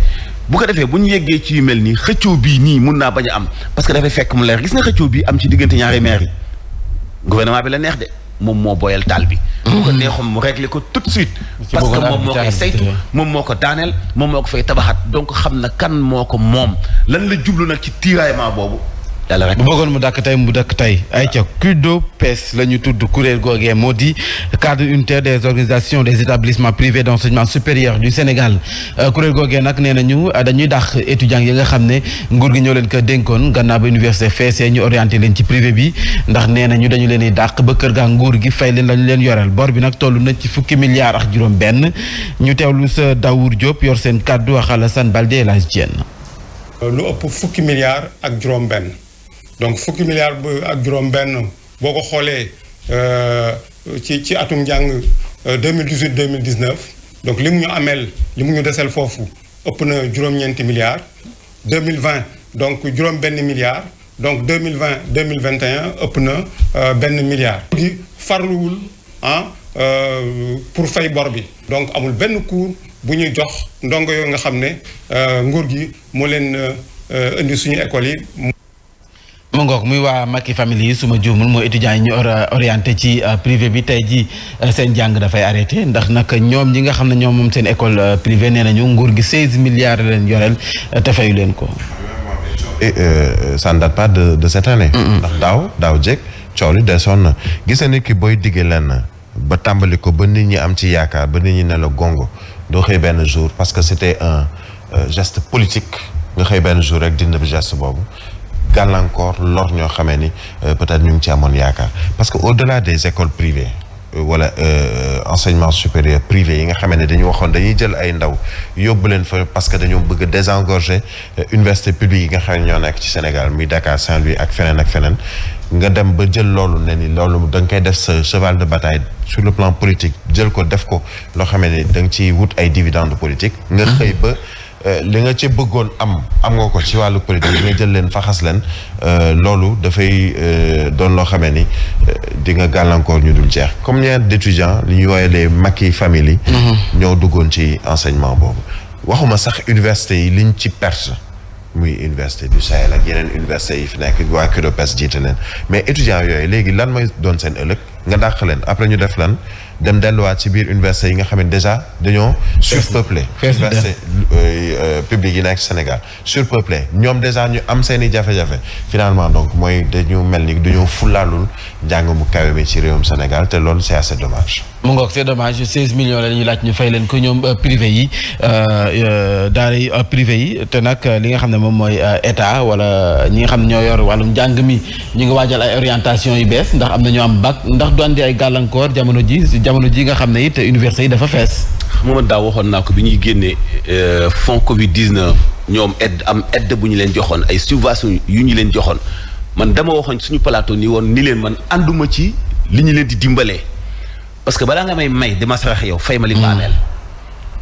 bu ko defee bu ñu yeggee ci yu mel nii xëccoo bii nii mun naa bañ a am parce que dafay fekk mu leer gis nga xëccoo bii am ci diggante ñaari maire yi gouvernement bi la neex de moom moo boyal taal bi bu ko mhm. neexoon mu régler ko tout de suite parce que moom moo koy saytu moom moo ko daaneel moom moo ko fay tabaxaat donc xam na kan moo ko moom lan la jublu nag ci tiraillement boobu yàlla rek bu bëggoon mu dàkk tey mu dàkk tey ay ca CUDOPES la ñu tudd kuréel googee moo di cadre unitaire des organisations des établissements privés d' enseignement supérieur du Sénégal euh, kuréel googee nag nee nañu euh, dañuy dàq étudiants yi nga xam ne nguur gi ñoo leen ko dénkoon gannaaw ba université feesee ñu orienté leen ci privé bi ndax nee nañu dañu leen di dàq ba kër gaa nguur gi fay leen lañu leen yoreel bor bi nag toll nañ ci fukki milliards ak juróom benn ñu teewlu sa Dawour Diop yor seen kàddu ak Alassane Balde El Hadj Diène euh, lu ëpp fukki milliards ak juróom donc fukki milliards bu ak juróom-benn boo ko xoolee euh, ci ci atum njàng mill 2018 2019 donc limu mu ñu ameel li mu ñu deseel foofu ëpp na juróom-ñeenti milliards 2020 donc juróom-benn milliard donc deux mill vingt 2021 ëpp na euh, benn milliard. gi farluwul ah euh, pour fay bor bi. donc amul benn cours bu ñuy jox ndongo yooyu nga xam ne nguur gi moo leen indi suñu école yi. mu ngoog muy waa Macky famille yi suma juumul mooy étudiants yi ñu orienté ci euh, privé bi tey ji euh, seen jàng dafay arrêté ndax nag ñoom ñi nga xam ne ñoom moom seen école euh, privée nee nañu nguur gi 16 milliards leen yoreel te fayu leen ko. et ça pas de de cette année. ndax daaw daaw jéeg coow li desoon na gis na ni ki booy leen na ba tàmbali ko ba nit ñi am ci yaakaar ba nit ñi ne la gongo doo xëy benn jour parce que c'était un geste politique nga xëy benn jour rek dindi geste boobu. gàllankoor lor ñoo xamee ni euh, peut-être ñu ngi ci amoon yaakaar parce que au-delà des écoles privées euh, wala euh, enseignement supérieur privé yi nga xamee ne dañu waxoon dañuy jël ay ndaw yóbbu leen fa parce que dañoo bëgg désengorger université publique yi nga xam ne ñoo nekk ci Sénégal muy Dakar Saint-Louis ak feneen ak feneen nga dem ba jël loolu ne ni loolu da nga koy def sa cheval de bataille sur le plan politique jël ko def ko loo xamee ne da nga ciy wut ay dividendes politiques Euh, li nga ci bëggoon am am nga ko ci wàllu politique nga jël leen faxas leen euh, loolu dafay euh, doon loo xamee ni di nga gàllankoor ñu dul jeex combien d'étudiants li ñuy wooye les Macky yi mhm. ñoo duggoon ci enseignement boobu waxuma sax université yi li ñu ci perte muy université du Sahel ak yeneen université yi fi nekk waa CUDOPES jiite leen mais étudiants yooyu léegi lan mooy doon seen ëllëg nga dàq leen après ñu def lan dem delluwaat ci biir université yi nga xam ne déjà dañoo surpeuplé université euh, euh, publique yi nag Sénégal surpeuplé ñoom déjà ñu am seen i jafe-jafe finalement donc mooy dañu mel ni dañoo fulaalul njàng mu kawe mi ci réewum Sénégal te loolu c'est assez dommage. mu ngoog c'est dommage 16 millions la laaj ñu fay leen ko ñoom euh, privé yi euh, euh, daara yi privé yi te nag li nga xam ne moom mooy état wala ñi nga xam ne ñoo yor wàllum njàng mi ñu ngi waajal ay orientation yu bees ndax am na ñoo am bac ndax du andi ay gàllankoor jamono ji jamono ji nga xam ne it université yi dafa fees. xam nga daaw waxoon naa ko bi ñuy génnee fonds Covid 19 ñoom aide am aide bu ñu leen joxoon ay subventions yu ñu leen joxoon. man dama waxoon suñu plateau nii woon ni leen man ànduma ci li ñu leen di dimbalee parce que balaa nga may may dama sarax yow fay ma li ma hmm. ameel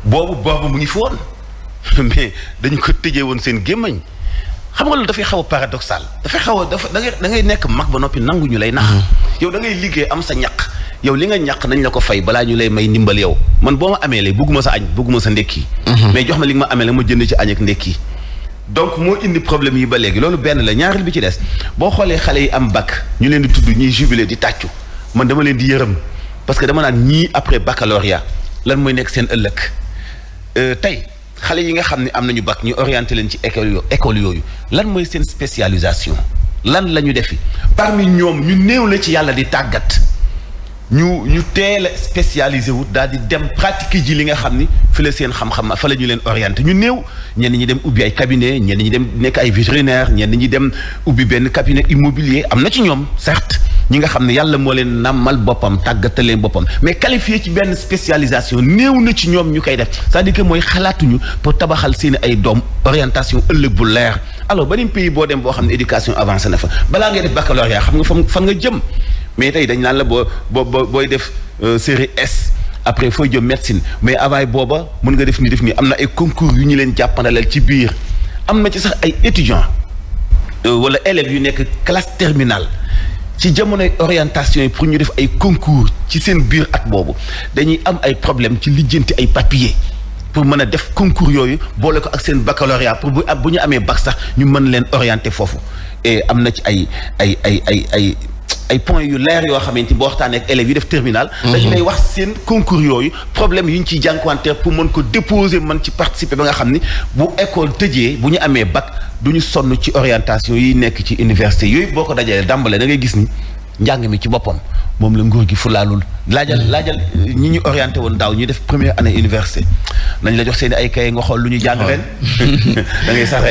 boobu mu ngi fi dañu ko tëjee woon seen gémmañ xam nga loolu dafay xaw a paradoxal dafay xaw a dafa da ngay ngay nekk mag ba noppi nangu lay nax hmm. yow da ngay liggéey am sa ñaq yow li nga ñaq nañ la ko fay balaa ñu lay may ndimbal yow man boo ma amee lay bëgguma sa añ bëgguma sa ndekki hmm. mais jox ma li nga ma amee la ma jënd ci añ ak ndekki donc moo indi problème yi ba léegi loolu benn la ñaareel bi ci des boo xoolee xale yi am bac ñu leen di tudd ñuy jubilé di tàccu man dama leen di yërëm parce que dama naan ñii après baccalauréat lan mooy nekk seen ëllëg euh, tey xale yi nga xam ne am nañu bac ñu orienté leen ci école école yooyu lan mooy seen spécialisation lan la ñu defi parmi ñoom ñu néew la ci yàlla di tàggat ñu ñu teel a spécialisé wu daal di dem pratique ji li nga xam ni fi la seen xam-xam fa la ñu leen orienté ñu néew ñenn ñi dem ubbi ay cabinet ñenn ñi dem nekk ay vétérinaire ñenn ñi dem ubbi benn cabinet immobilier am na ci ñoom certes ñi nga xam ne yàlla moo leen nàmmal boppam tàggatal leen boppam mais qualifié ci benn spécialisation néew na ci ñoom ñu koy def cest à mooy xalaatuñu pour tabaxal seen ay doom orientation ëllëg bu leer alors beneen pays boo dem boo xam ne éducation avancée na fa balaa ngay def baccalauréat xam nga fan fan nga jëm mais tey dañ naan la boo boo booy def euh, série S après fooy jëm médecine mais avant booba mën nga def ni def nii am na ay concours yu ñu leen jàppandaleel ci biir am na ci sax ay étudiants euh, wala élèves yu nekk classe terminale ci jamonoy orientation yi pour ñu def ay concours ci seen biir at boobu dañuy am ay problème ci lijjanti ay papiers pour mën a def concours yooyu boole ko ak seen baccalauréat pour bu bu ñu amee bac sax ñu mën leen orienter foofu et am na ci ay ay ay ay ay. ay point yu leer yoo xamante ni boo waxtaanee ak élèves yi def terminal dañu lay wax seen concours yooyu problème yu ñu ciy jànkuwanteer pour mën ko déposer mën ci participer ba nga xam ni bu école tëjee bu ñu amee bac du ñu sonn ci orientation yi nekk ci université yooyu boo ko dajalee dàmbalee da gis ni njàng mi ci boppam moom la nguur gi fulaalul laajal laajal ñi ñu orienté woon daaw ñuy def première année université nañ la jox seen ay kay nga xool lu ñu jàng ren da ngay sax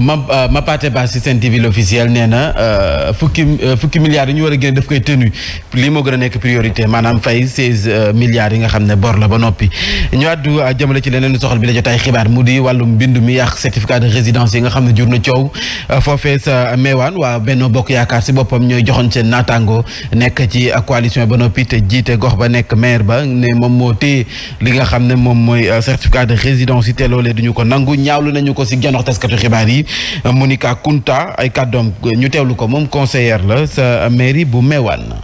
ma euh, ma pate ba si seen TV l'officiel na euh, fukki euh, fukki milliards yi ñu war a génne daf koy tenu lii moo gën a nekk priorité maanaam fay seize milliards yi nga xam ne bor la ba noppi ñu àddu jëmale ci leneen soxal bi la jotaay xibaar mu di wàllum bindu mi yàq certificat de résidence yi nga xam ne jur na coow foofee sa meewaan waa Benno Bokk Yaakaar si boppam ñooy Sango nekk ci coalition ba noppi te jiite gox ba nekk maire ba ne moom moo téye li nga xam ne moom mooy euh, certificat de résidence yi te loolee duñu ko nangu ñaawlu nañu ko si janox taskatu xibaar yi Monica Kunta ay kàddoom ñu lu ko moom conseillère la sa mairie bu Mewane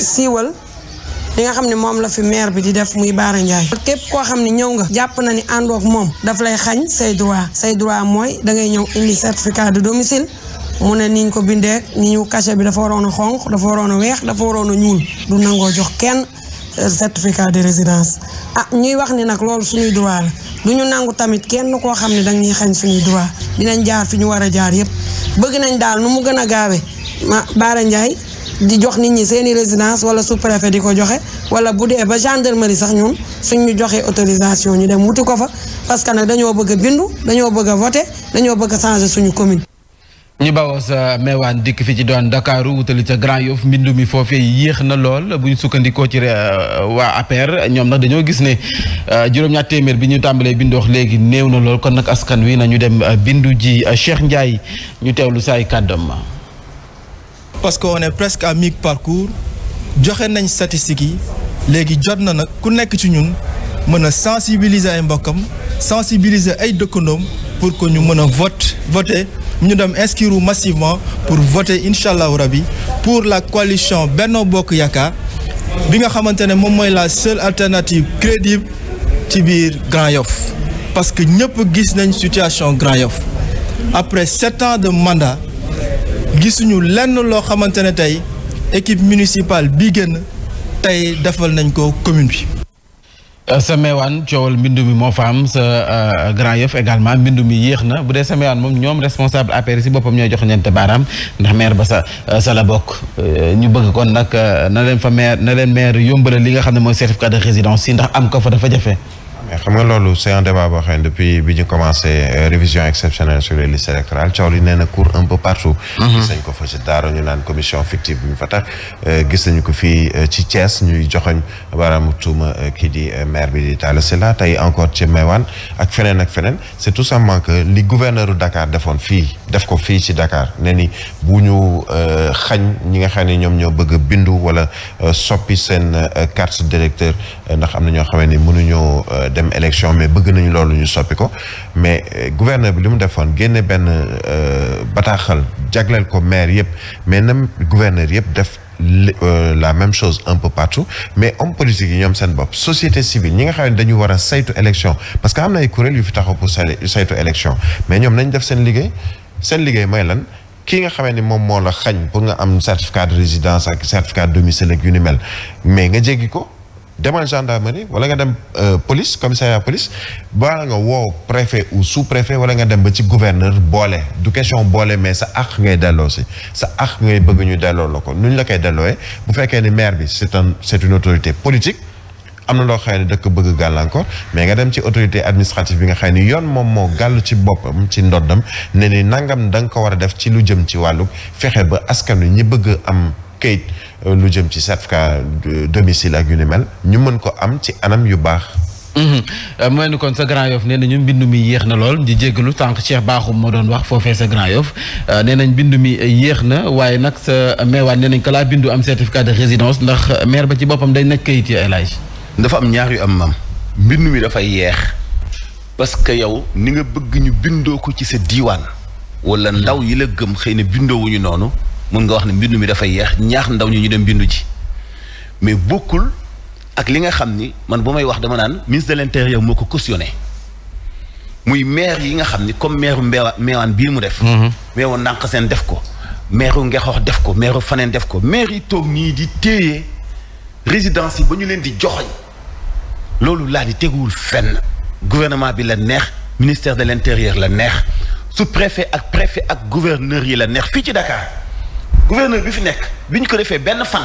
siiwal li nga xam ne moom la fi maire bi di def muy Baara Ndiaye képp koo xam ne ñëw nga jàpp na ni àndoog moom daf lay xañ say droit say droit mooy da ñëw indi certificat de domicile mu ne niñ ko bindee ni ñu cachet bi dafa waroon a xonq dafa waroon a weex dafa waroon a ñuul du nangoo jox kenn euh, certificat de résidence ah ñuy wax ni nag loolu suñuy droit la du ñu nangu tamit kenn koo xam ne danga ñuy xañ suñu droit dinañ jaar fi ñu war a jaar yépp bëgg nañ daal nu mu gën a gaawe ma Baara Ndiaye di jox nit ñi seeni résidence wala su préfet di ko joxe wala bu dee ba gendarmerie sax ñun suñ ñu joxee autorisation ñu dem wuti ko fa parce que nag dañoo bëgg a bindu dañoo bëgg a dañoo bëgg a changer suñu commune. ñu bawoo sa meewaan dikk fi ci doon Dakar wutali ca Grand Yoff mbindu mi foofee yéex na lool bu ñu sukkandikoo ci euh, waa APR ñoom nag dañoo gis ne euh, juróom-ñaar téeméer bi ñu tàmbalee bindoox léegi néew na lool kon nag askan wi nañu dem euh, bindu ji Cheikh Ndiaye ñu teewlu saay kàddam parce que on est presque à mi-parcours joxe nañ statistiques yi léegi jot na nag ku nekk ci ñun mën a sensibiliser ay mbokkam sensibiliser ay dëkkandoom pour que ñu mën a vote voter ñu dem inscrire massivement pour voter incha allahu rabi pour la coalition Benno Bokk Yaakaar bi nga xamante ne moom mooy la seule alternative crédible ci biir Grand Yoff parce que ñëpp gis nañ situation Grand Yoff après sept ans de mandat gisuñu lenn loo xamante ne tey équipe municipale bi gën tey defal nañ ko commune bi Euh, sa meewaan coowal mbindu mi moo fa am sa euh, Grand Yoff également mbindu mi yéex na bu dee sa meewaan moom ñoom responsable APR si boppam ñooy jox ñeent baaraam ndax maire ba sa euh, sa la bokk ñu bëgg kon nag na leen fa maire na leen yomb yombale li nga xam ne mooy certificat de résidence si ndax am ko fa dafa jafe. mais xam nga loolu c'est un débat boo xam depuis bi ñu commencé euh, révision exceptionnelle sur les listes électorales coow li nee na mhm. ñu naan commission fictive bi ñu fa tax euh, gis nañu ko fii euh, ci Thiès ñuy joxoñ baaraamu tuuma kii di maire bi di Talla Sylla tey encore ci Mewane ak feneen ak feneen c'est tout simplement que li gouverneur du Dakar defoon fii def ko fii ci Dakar ne ni bu ñu xañ ñi nga xam ne ñoom ñoo bëgg a bindu wala soppi seen carte d'électeur ndax am na ñoo xam ne mënuñoo. dem élection mais bëgg nañu loolu ñu soppi ko mais euh, gouverneur bi li mu defoon génne benn euh, bataaxal jagleel ko maire yëpp mais nam gouverneur yëpp def euh, la meme chose un peu partout mais homme politique yi ñoom seen bopp société civile ñi nga xam ne dañu war a saytu élection parce que am na ay kuréel yu fi taxaw pour saytu élection mais ñoom nañ def seen liggéey seen liggéey mooy lan ki nga xamee ni moom moo la xañ pour nga am certificat de résidence ak certificat de domicile ak yu ni mais nga jéggi ko demal gendarmerie wala nga dem euh, police commissariat police baa nga woo préfet ou sous préfet wala nga dem ba ci gouverneur boole du question boole mais sa àq ngay delloo si sa àq ngay bëgg ñu delloo la ko nu ñu la koy dellooyee bu fekkee ni maire bi c'est un c'est une autorité politique am na loo xëy ne dëkk bëgg gàllankoor mais nga dem ci autorité administrative bi nga xëy ni yoon moom moo gàll ci boppam ci ndoddam ne ni nangam danga ko war a def ci lu jëm ci wàllu fexe ba askan wi ñi bëgg am këyit euh, lu jëm ci certificat domicile ak yu ni mel ñu mën ko am ci anam yu baax. mooy mhm. euh, ne kon sa Grand Yoff nee nañu mbind mi yéex na lool di jéggalu tànk ceex Bakhoum moo doon wax foofe sa Grand Yoff euh, nee nañ mbind mi yéex na waaye nag sa maire ne nañ ko laa bindu am certificat de résidence ndax maire ba ci boppam day nekk kayit ya El dafa am ñaar yu am mam mbind mi dafay yeex parce que yow ni nga bëgg ñu bindoo ko ci sa diiwaan wala ndaw yi la gëm xëy na bindoo wuñu noonu. mun nga wax ne mbindu mi dafa yeex ñaax ndaw ñi ñu dem bindu ji mais bokkul ak li nga xam ni man bu may wax dama naan ministre de l'intérieur moo ko cautionné muy maire yi nga xam ni comme maire mbeewa meewaan bii mu def mhm. meewoon ndànk seen def ko maire ngexoox def ko maire faneen def ko maire yi toog nii di téye résidence yi ba ñu leen di joxoñ loolu laa ni teguwul fenn gouvernement bi la neex ministère de l'intérieur la neex sous préfet ak préfet ak gouverneur yi la neex fii ci Dakar gouverneur bi fi nekk bi ñu ko defee benn fan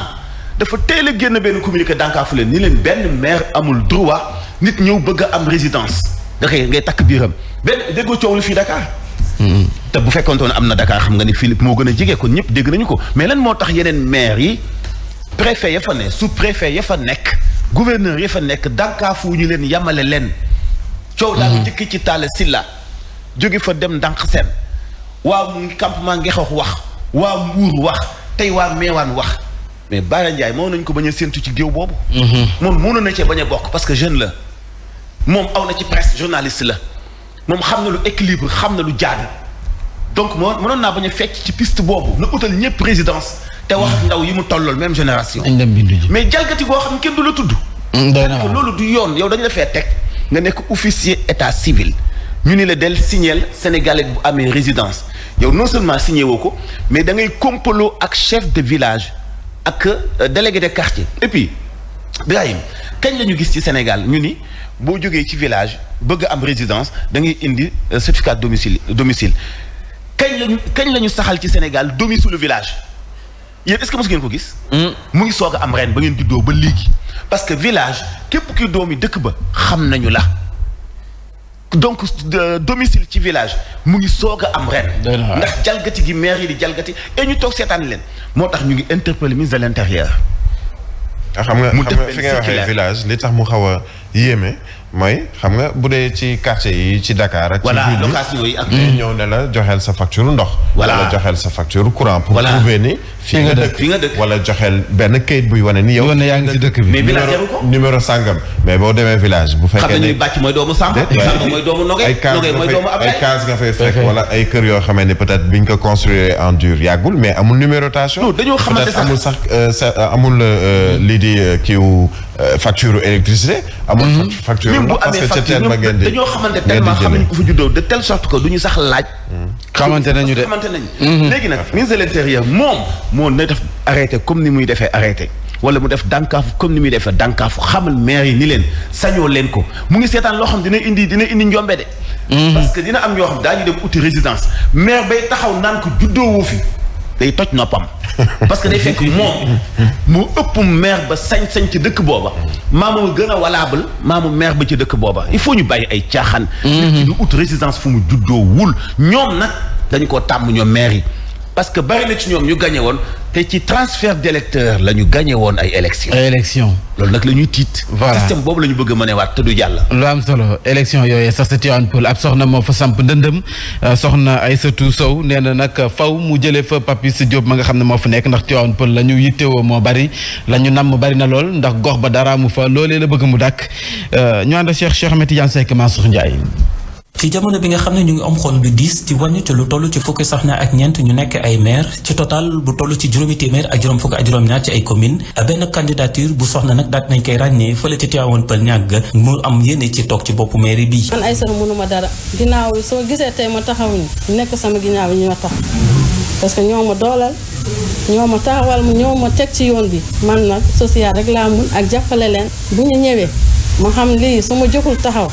dafa teel a génn benn communiqué dànkaafu leen ni leen benn maire amul droit nit ñëw bëgg am résidence da koy ngay takk biiram benn déggoo coow lu fii Dakar. Mm-hmm. te bu fekkontoon am na dakaar xam nga ni Philippe moo gën a jege ko ñëpp dégg nañu ko mais lan moo tax yeneen maire yi préfet ya fa ne su préfet ya fa nekk gouverneur ya fa nekk dànkaafu ñu leen yamale leen. coow daal njëkk mm-hmm. ci Talla Sylla jóge fa dem ndànk seen waaw mu ngi campement wax. waa Mbuur wax tey waa Meewaan wax mais bare njaay moom nañ ko bañ a séntu ci géew boobu. Mhm. moom mënoon na cee bañ a bokk parce que jeune la moom aw na ci presse journaliste la moom xam na lu équilibre xam na lu jaadu donc moo mënoon naa bañ a fekk ci piste boobu na utal ñëpp résidence te wax mhm. ndaw yi mu tollool même génération. mais jalgati goo xam ne kenn du la tudd. Mm, loolu du yoon yow dañu la fee teg nga nekk officier état civil. ñu ni la del signel sénégalais bu amee résidence yow non seulement signé woo ko mais da ngay kompaloo ak chef de village ak euh, délégué de quartier et puis Birahim kañ la ñu gis ci Sénégal ñu ni boo jógee ci village bëgg am résidence da ngay indi euh, certificat domicile domicile kañ lañu kañ la ñu saxal ci Sénégal domicile village yéen est-ce ngeen ko gis hmm. mu ngi soog am ren ba ngeen juddoo ba léegi parce que village képp ki doomi dëkk ba xam nañu la donc euh, domicile ci village mu ngi soog a am ren. ndax jalgati gi maire yi di jalgati et ñu toog seetaan leen moo tax ñu ngi interpellé ministre de ah, xam nga xam nga fi ngay waxee village li tax mu xaw a yéeme mooy xam nga bu dee ci quartier yi ci Dakar ak. voilà location yi ñëw ne la joxeel sa facture ndox. voilà la joxeel sa facture courant. pour prouver ni. fii nga dëkk fii nga dëkk wala joxeel benn kayit buy wane ni yow. yow yàng ngi ci dëkk bi mais village jaru sàngam mais boo demee village. bu fekkee ne xam nañu bàcc mooy doomu sàmm. sàmm mooy doomu noge. noge ay case nga fekk wala ay kër yoo xamee ne peut être biñ ko construire en dur yàggul mais amul numérotation. non dañoo xamante sax peut amul euh, euh, euh, lii di kiiw facture électricité. amul mhm. facture ndox parce que ma teel ba ngeen di dañoo xamante tellement xam nañ ko fu juddoo de telle sorte que duñu sax laaj. Mhm. xamante nañu de xamante nañu. Mhm. de l'intérieur moom moo na def arrêté comme ni muy defee arrêté wala mu def dànkaafu comme ni muy defee dànkaafu xamal maire yi ni leen sañoo leen ko mu ngi seetaan loo xam dina indi dina indi njombe de. Mhm. parce que dina am yoo xam daañu dem uti résidence maire bay taxaw naan juddoo juddoowoo fi day toj noppam parce que day fekk moom mu ëpp mair ba sañ-sañ ci dëkk booba maamu gën a valable maamu maire ba ci dëkk booba il faut ñu bàyyi ay caaxaan. Mhm. nit ki du ut résidence fu mu juddoowul ñoom nag dañu koo tàmm ñoom maire yi. parce que bari na ci ñoom ñu gagné woon te ci transfert d'électeurs la ñu woon ay élections. loolu nag la ñuy tiit. voilà système boobu la ñu bëgg a mën waat te du jàll. lu am solo élection yooyu sax sa Tivaouane Peulh ab soxna moo fa samp ndëndëm euh, soxna ay Aïssatou Sow nee na nag faw mu jëlee fa Papis Diop ma nga xam ne moo fa nekk ndax Tivaouane Peulh la ñu yittewoo moo bari lañu ñu namm bari na lool ndax gox ba dara mu fa loolee la bëgg mu dàkk euh, ñu ànd Cheikh Cheikh Ahmed Tidiane Seck Mansour Ndiaye. ci jamono bi nga xam ne ñu ngi am xol lu diis ci wàññi te lu toll ci fukki soxna ak ñeent ñu nekk ay maire ci total bu toll ci juróomi téeméer ak juróom fukk ak juróom-ñaar ci ay commune benn candidature bu soxna nag daat nañ koy ràññee fële ci Tivaouane Peulh ñàgg mu am yéene ci toog ci boppu mairie bi. man ay sër mënuma dara ginnaaw yi soo gisee tey ma taxaw nekk sama ginnaaw yi ñu ma tax parce que ñoo ma doolal ñoo ma taxawal ñoo ma teg ci yoon bi man nag social rek laa mun ak jàppale leen bu ñu ñëwee ma xam lii su ma joxul taxaw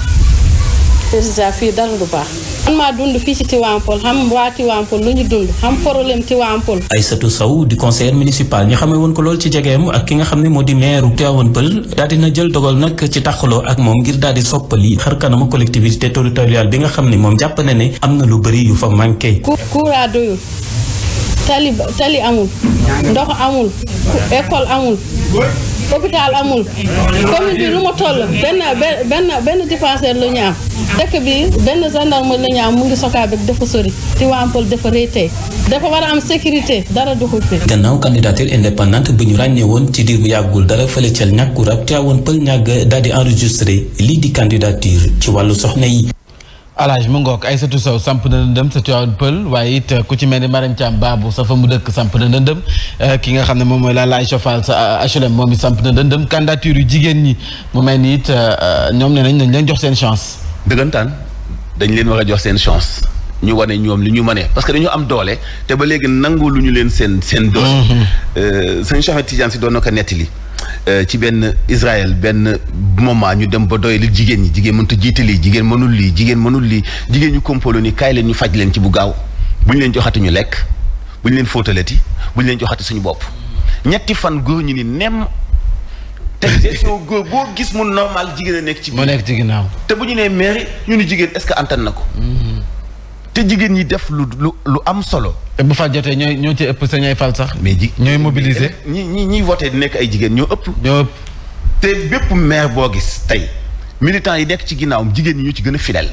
déjà fii dara du baax man maa dund fii ci Tivaouane xam waa Tivaouane lu ñu dund xam problème Tivaouane Aïssatou Sow di conseillère municipal ñu xamee woon ko lool ci jegeem ak ki nga xam ne moo di maire Tivaouane Peulh na dina jël dogal nag ci taxaloo ak moom ngir daal di soppali xar kanamu collectivité territoriale bi nga xam ne moom jàpp na ne am na lu bëri yu fa manqué. courant doyul tali tali amul ndox amul école amul hôpital amul commune bi lu ma toll benn benn benn dispensaire la ñu am dëkk bi benn gendarme la ñu am mu ngi sokaa beg dafa sori ci wampal dafa rëy tey dafa war am sécurité dara duxul fi gannaaw candidature indépendante bu ñu ràññee woon ci diir bu yàggul dara fële ca ñàkkur ak caawoon pël ñàgg daal di enregistré lii di candidature ci wàllu soxna yi alaaj mu ngook Aïssatou Sow samp na ndëndëm sa tuwaan pël waaye it uh, ku ci mel ni Marème Thiam Babou sa fa mu dëkk samp na ndëndëm uh, ki nga xam ne moom mooy la laay Chofal sa uh, HLM moom it samp na ndëndëm candidature yu jigéen ñi mu mel ni it ñoom ne nañ lañ leen jox seen chance dëggantaan dañ leen war a jox seen chance ñu wane ñoom lu ñu mënee parce que dañu am doole te ba léegi nangu lu ñu leen seen seen doole mm-hmm. sëñ Cheikh Tidiane si doon na ko nettali Euh, ci benn Israël benn moment ñu dem ba doy li jigéen ñi jigéen mënut a jiite lii jigéen mënul lii jigéen mënul lii jigéen ñu kompolo ni kay leen ñu faj leen ci bu gaaw bu ñu leen joxati ñu lekk bu ñu leen fóotalati bu ñu leen joxati suñu bopp ñetti fan góor ñu ni nem te gestion góor boo gis mu normal jigéen a nekk ci biir moo nekk ci a te bu ñu nee mairie ñu ni jigéen est-ce que antan na ko mm-hmm. te jigéen ñi def lu lu lu am solo. bu fal jotee ñooy ñoo ci ëpp sa ñooy fal sax. mais ji ñooy mobiliser. ñi ñi ñiy di nekk ay jigéen ñoo ëpp. ñoo ëpp. te bépp maire boo gis tey militant yi nekk ci ginnaawam jigéen ñi ñoo ci gën a fidèle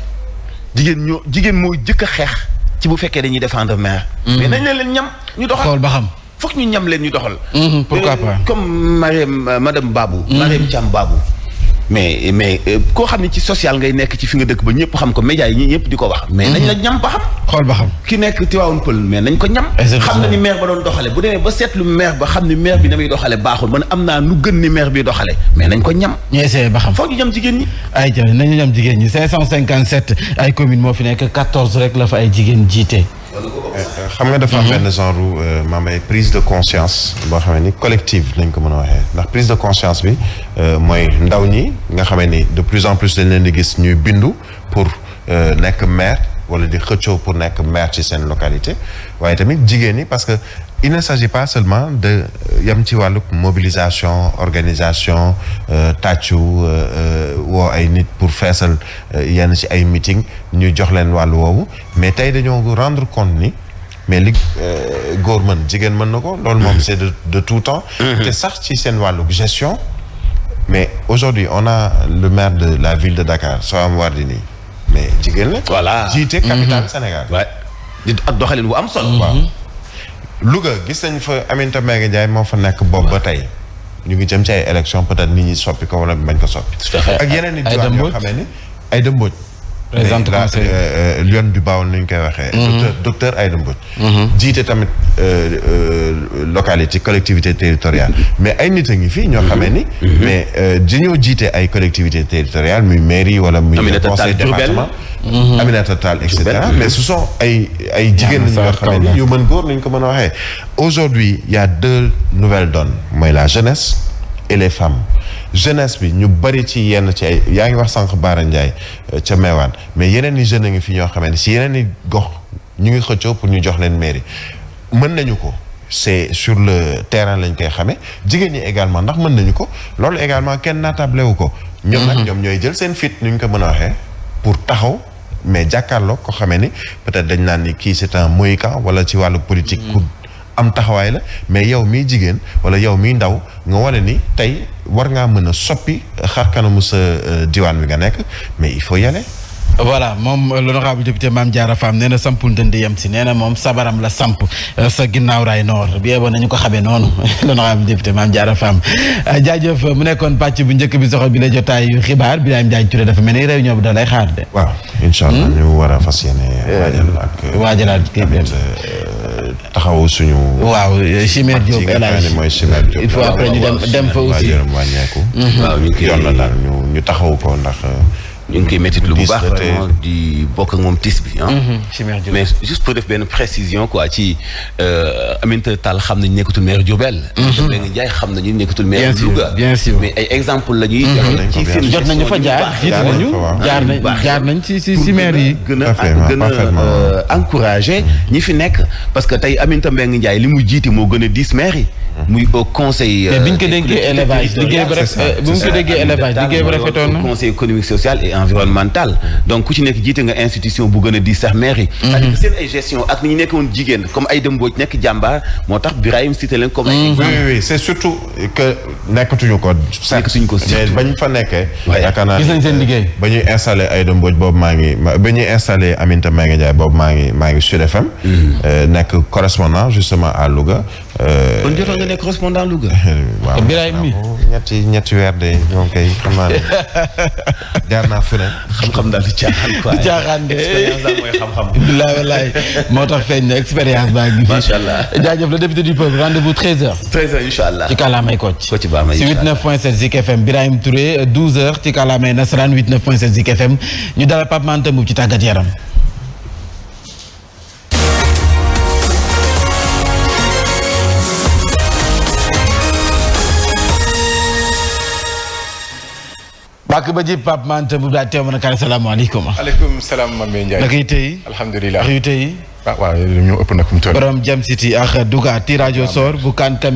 jigéen ñoo jigéen moo jëkk a xeex ci bu fekkee dañuy défendre maire. Mm-hmm. mais nañ leen leen ñam ñu doxal xool ba xam. foog ñu ñam leen ñu doxal. Mm-hmm, pourquoi euh, pas comme Marème euh, madame Babou. Mm-hmm. Marème Thiam baabu mais mais euh, koo xam ne ci social ngay nekk ci fi nga dëkk ba ñëpp xam ko média yi ñëpp di ko wax. mais nañ la ñam ba xam. xool ba xam ki nekk Tivaouane ko ñam. xam na ni maire ba doon doxale bu demee ba seetlu maire ba xam ni maire bi na muy doxale baaxul man am naa nu gën ni maire bi doxale mais nañ ko ñam. ñu essayé ba xam foog ñu ñam jigéen ñi. ay jërëjëf nañu ñam jigéen ñi 557 ay moo fi nekk 14 rek la fa ay jigéen jiite. Euh, xam nga dafa am mhm. benn genre euh, maam ay prise de conscience boo xamee ni collective lañ ko mën a waxee ndax prise de conscience bi euh, mooy ndaw ñi nga xamee ni de plus en plus lañ leen di gis ñuy bindu pour nekk maire wala di xëccoo pour nekk maire ci seen localité waaye tamit jigéen ñi parce que il ne s'agit pas seulement de euh, yam ci wàlluk mobilisation organisation euh, tàccu euh, woo ay nit pour feesal yenn ci ay meeting ñu jox leen wàllu woowu mais tey dañoo rendre compte ni mais li góor mën jigéen mën na ko loolu moom c'est de de tout temps mm-hmm. te sax ci seen wàlluk gestion mais aujourd'hui on a le maire de la ville de Dakar Soham Wardini mais jigéen la voilà jiite capitale mm-hmm. Sénégal doxalin wu am solo Louga gis nañ fa aminta Aminata Mbengue Ndiaye moo fa nekk boobu ba tey ñu ngi jëm ci ay élection peut-être nit ñi soppi ko wala bañ ko soppi. ak yeneen i diwaan ñoo xam ni Aïda Mbodj. présidente conseil euh, euh, Lyon du Baol ni ñu koy waxee. Mhm. docteur docteur Aïda Mbodj. Mhm. jiite tamit euh, localité collectivité territoriale mhm. mais ay nit a ngi fii ñoo xamee ni. mais di ñoo jiite ay collectivité territoriale muy mairie wala muy. conseil département Mm-hmm. Aminata Tall et cetera mais su sont ay ay jigéen ñi nga xam ne yu mën góor ni ñu ko mën a waxee aujourd'hui il y a deux nouvelles donnes mooy la jeunesse et les femmes jeunesse bi ñu bëri ci yenn ci ay yaa ngi wax sànq Baara Ndiaye euh, ca Meewaan mais yeneen i jeunes a ngi fi ñoo xamante si yeneen i gox ñu ngi xëccoo pour ñu jox leen mairie mën nañu ko c'est sur le terrain lañ koy xamee jigéen ñi également ndax mën nañu ko loolu également kenn naatable wu ko ñoom nag mm-hmm. ñoom ñooy jël seen fit nu ñu ko mën a waxee pour taxaw mais jàkkaarloo ko xamee ni peut-être dañ naan ni kii c'est un ka wala ci wàllu politique ku am taxawaay la mais yow miy jigéen wala yow miy ndaw nga wane ni tey war ngaa mën a soppi xar kanamu sa euh, diwaan bi nga nekk mais il faut y voilà moom l'honorable député maam Diarra Fam nee na sampul ndënd yem si nee na moom sabaram la samp euh, sa ginnaaw raay noor bi yeboon nañu ko xamee noonu l'honorable député maam Diarra faam euh, jaajëf mu nekkoon pàcc bu njëkk bi soxo bi la jotaayu xibaar bi Birame Ndiaye Touré dafa mel ni réunion bi da xaar de. waaw incha allah hmm? ñu war a fas yéene euh, waajal ak taxawu suñu. waaw Chimère Diop El Hadj il faut après ñu dem dem fa aussi. Hmm. waaw ñu ngi yoon na daal ñu ñu taxawu ko ndax. ñu ngi koy métit lu bu baax di bokk ak moom tis bi ah mais juste pour def benn précision quoi ci euh, Aminata Tall xam nañu nekkatul maire Diourbel da nga jaay xam nañu mhm, ci seen jot nañu fa jaar nañ ci ci ci maire yi a gën a euh, encouragé ñi fi nekk parce que tey Aminata Mbengue Ndiaye li mu jiite moo gën a diis maire muy au conseil. mais euh, ko déggee élevage liggéey bi rek euh, bu ñu ko déggee élevage liggéey bi rafetoon na conseil économique social et environnemental. donc ku ci nekk jiite nga institution bu gën a di sax mairie. Mm-hmm. ak ni ñu nekkoon jigéen comme ay dem booj nekk jàmbaar moo tax Birahim cité leen comme ay mm-hmm. exemple. oui oui c'est surtout ko. nekkatuñu ko surtout mais fa nekkee. yaakaar naa gis nañ seen liggéey. Euh, ba ñuy installé ay dem booj boobu maa ngi ba ñuy installé Aminata Mbengue Ndiaye boobu maa ngi maa ngi Sud FM. Mm-hmm. nekk correspondant justement à Louga. kon euh, jotoon nga ne correspondant Louga. waaw Birahim mi ñetti ñetti weer de ñoom kay xam naa ne jaar naa fu xam-xam daal di caaxaan de expérience daal mooy xam-xam. bilaay moo tax feeñ na expérience baa ngi fi. macha allah jaajëf le député du peuple rendez-vous 13h. 13h incha allah ci kàllaamay Kocc. Kocc ba amay incha allah si 89.7 Zik FM Birahim Touré Nasaraan FM ñu dalal Pape Mante ci tàggat yaram. bàkk ba ji Pape Mante bu daa teew mën a kaay salaamaaleykum. aleykum salaam Mame Ndiaye. naka yi tey. alhamdulilah naka tey. ah waaw ñoo ëpp nag fu mu toll. borom Jam City ak Douga tirage au sort bu CAN la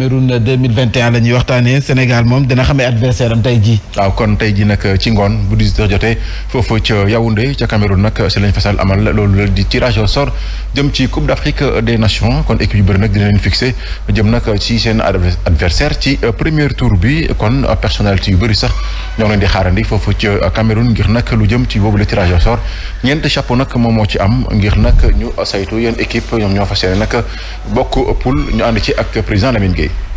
ñuy waxtaanee Sénégal moom dana xamee adversaire am jii. kon tey jii nag ci ngoon bu 18h jotee foofu ca Yaoundé ca Cameroun nag si lañ fasal amal loolu la di tirage au sort jëm ci Coupe d'Afrique des Nations kon équipe yu bëri nag dina leen fixé jëm nag ci seen adversaire ci euh, premier tour bi kon euh, personnalité yu bëri sax ñoo ngi leen di xaarandi foofu ci Cameroun ngir nag lu jëm ci boobu la tirage au sort ñeent chapeau nag moom moo ci am ngir nag ñu saytu. yéen équipe ñoom ñoo fas yéene nag bokk poule ñu ànd ci ak président Lamine Gueye.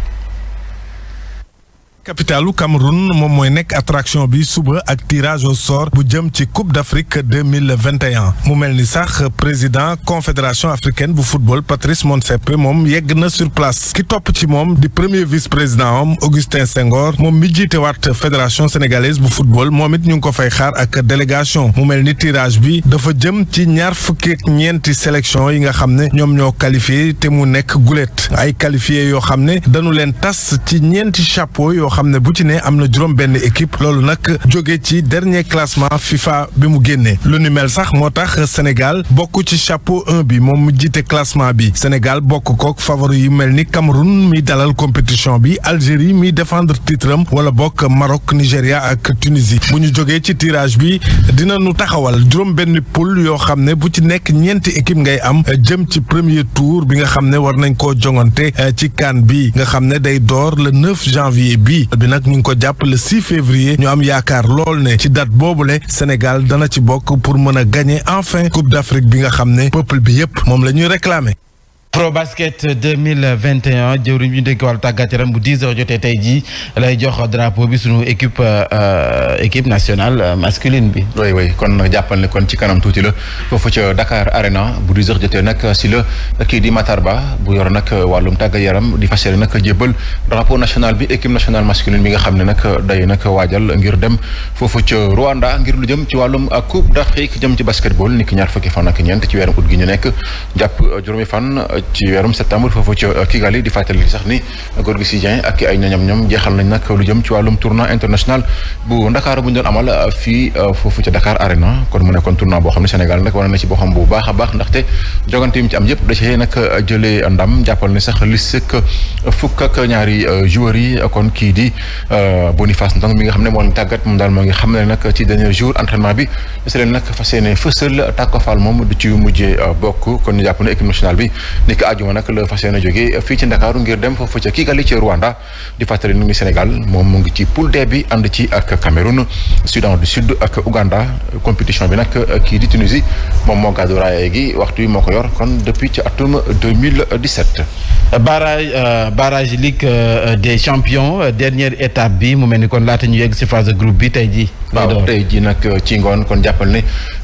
capitalu Cameroun moom mooy nekk attraction bi suba ak tirage au bu jëm ci coupe d' afrique mille vingt mu mel ni sax président confédération africaine bu football Patrice Motsepe moom yegg na sur ki topp ci moom di premier vice président am Augustin sengor moom mi jiite waat fédération sénégalaise bu football moom it ñu ngi ko fay xaar ak délégation mu mel ni tirage bi dafa jëm ci ñaar fukki ñeenti sélection yi nga xam ne ñoom ñoo qualifié te mu nekk gulet ay qualifié yoo xam ne dañu leen tas ci ñeenti chapeau xam ne bu ci ne am na juróom benn équipe loolu nag jóge ci dernier classement FIFA bi mu génnee lu ni mel sax moo tax Sénégal bokk ci chapeau bi moom mu jiite classement bi Sénégal bokk kook favori yu mel ni Cameroun mi dalal compétition bi Algérie mi défendre titre wala bokk Maroc Nigéria ak Tunisie bu ñu jógee ci tirage bi dina nu taxawal juróom benn poule yoo xam ne bu ci nekk ñeenti équipe ngay am jëm ci premier tour bi nga xam ne war nañ koo jongante ci CAN bi nga xam ne day door le 9 bi bii bi nag ñu ngi ko jàpp le février ñu am yaakaar lool ne ci boobu le Sénégal dana ci bokk pour mën a gagner enfin Coupe d'Afrique bi nga xam ne peuple bi yépp moom la ñuy réclamer Pro basket 2021 jëwriñ ñu dénk wàllu tàggat yaram bu 10 heures jotee tey jii lay jox drapeau bi suñu équipe euh, équipe nationale euh, masculine bi. oui oui kon jàppal ne kon ci kanam tuuti la foofu ca Dakar Arena bu 10 heures jotee nag si la kii di Matar bu yor nag wàllum tàggat yaram di fas yéene nag jébbal drapeau national bi équipe nationale masculine bi nga xam ne nag day nag waajal ngir dem foofu ca Rwanda ngir lu jëm ci wàllum ak coupe d'Afrique jëm ci basketball ni ki ñaar fukki fan ak ñeent ci weeru ut gi ñu nekk jàpp juróomi fan. ci weerum septembre foofu ci Kigali di fàttali sax ni Gorgui Sy Dieng ak ay ñoñam ñoom jeexal nañ nag lu jëm ci wàllum tournoi international bu Ndakaar bu ñu doon amal euh, fii euh, foofu ca Dakar Arena kon mu nekkoon tournoi boo xam ne Sénégal nag wane na ci boo xam bu baax a baax ndaxte jogante yi am yëpp da cee nag euh, jëlee ndam jàppal sax li sëkk fukk ñaari joueurs yi kon kii di Boniface Ndong mi nga xam ne moo leen tàggat moom daal moo ngi xam ne nag ci dernier jour entraînement bi si leen nag fas yéene fësal tàkko faal moom du ci mujjee bokk kon ñu jàpp ne équipe bi ni ko àjjuma nag la fas yéene jógee fii ci Ndakaaru ngir dem foofu ca Kigali ci Rwanda di fàttali ni Sénégal moom mu ngi ci poule bi ànd ci ak Cameroun Soudan du Sud ak Ouganda compétition bi nag kii di Tunisie moom moo gàddu raaya gi waxtu wi moo ko yor kon depuis ci atum 2017. barrage euh, barrage Ligue euh, des champions euh, dernière étape bi mu mel ni kon laata ñu yegg ci phase de groupe bi tey jii. waaw tey ji nag uh, ci ngoon kon jàppal ne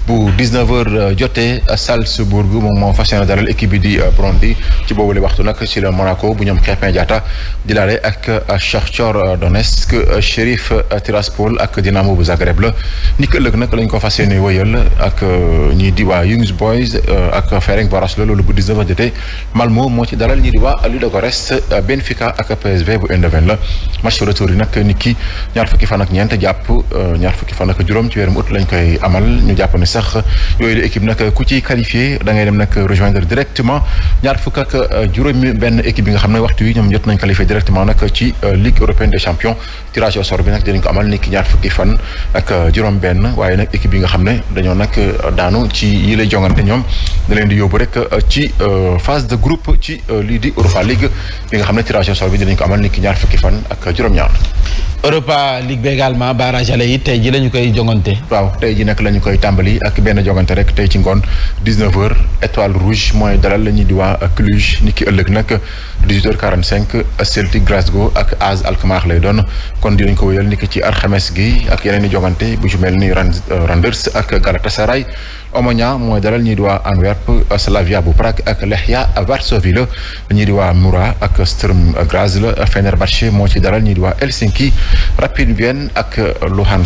bu 19 jote uh, jotee uh, Salzbourg moom moo fas yéene dalal équipe bi di Brondby ci boobule waxtu nag ci la Monaco bu ñoom Krépin Diatta di laale ak Shakhtar Donetsk Sheriff Tiraspol ak Dinamo bu Zagreb la ni ki ëllëg nag lañ ko fas yéene wëyal ak ñii di waa Young Boys ak Ferencváros la loolu bu 19 heures jotee Malmo moo ci dalal ñii di waa Ludogorets Benfica ak PSV bu Eindhoven la match retour yi nag ni ki ñaar fukki fan ak ñeent jàpp ñaar fukki fan ak juróom ci weerum août lañ koy amal ñu jàpp ne sax yooyu la équipe nag ku ci qualifié da ngay dem nag rejoindre directement ñaar fukk ak euh, juróomi benn équipe bi nga xam ne waxtu wi ñoom jot nañ qualifié directement nag ci euh, ligue européenne des champions tirage au bi nag dinañ ko amal ni ñaar fukki fan ak euh, juróom benn waaye nag équipe yi nga xam ne dañoo nag daanu ci yi lay jongante ñoom da leen di yóbbu rek ci phase de groupe ci lii di Europa League bi nga xam ne tirage au sort bi dinañ ko amal ni ki ñaar fukki fan ak juróom-ñaar Europa League bi également barrage ale yi tey ji la ñu koy jongante waaw tey ji nag la ñu koy tàmbali ak benn jongante rek tey ci ngoon 19 heures étoile rouge mooy dalal la ñuy di waa Cluj ni ki ëllëg nag 18 heures 45 Celtic Glasgow ak AZ Alkmaar lay doon kon di dinañ ko wéyal ni ci alxames gi ak yeneen i jongante bu ci mel ni Rangers ak Galatasaray Omonia mooy dalal ñii di waa Antwerp Slavia bu Prague ak Lechia Varsovie la ñii ak Sturm Graz la moo ci dalal ñii di waa Helsinki Rapid Vienne ak Luhansk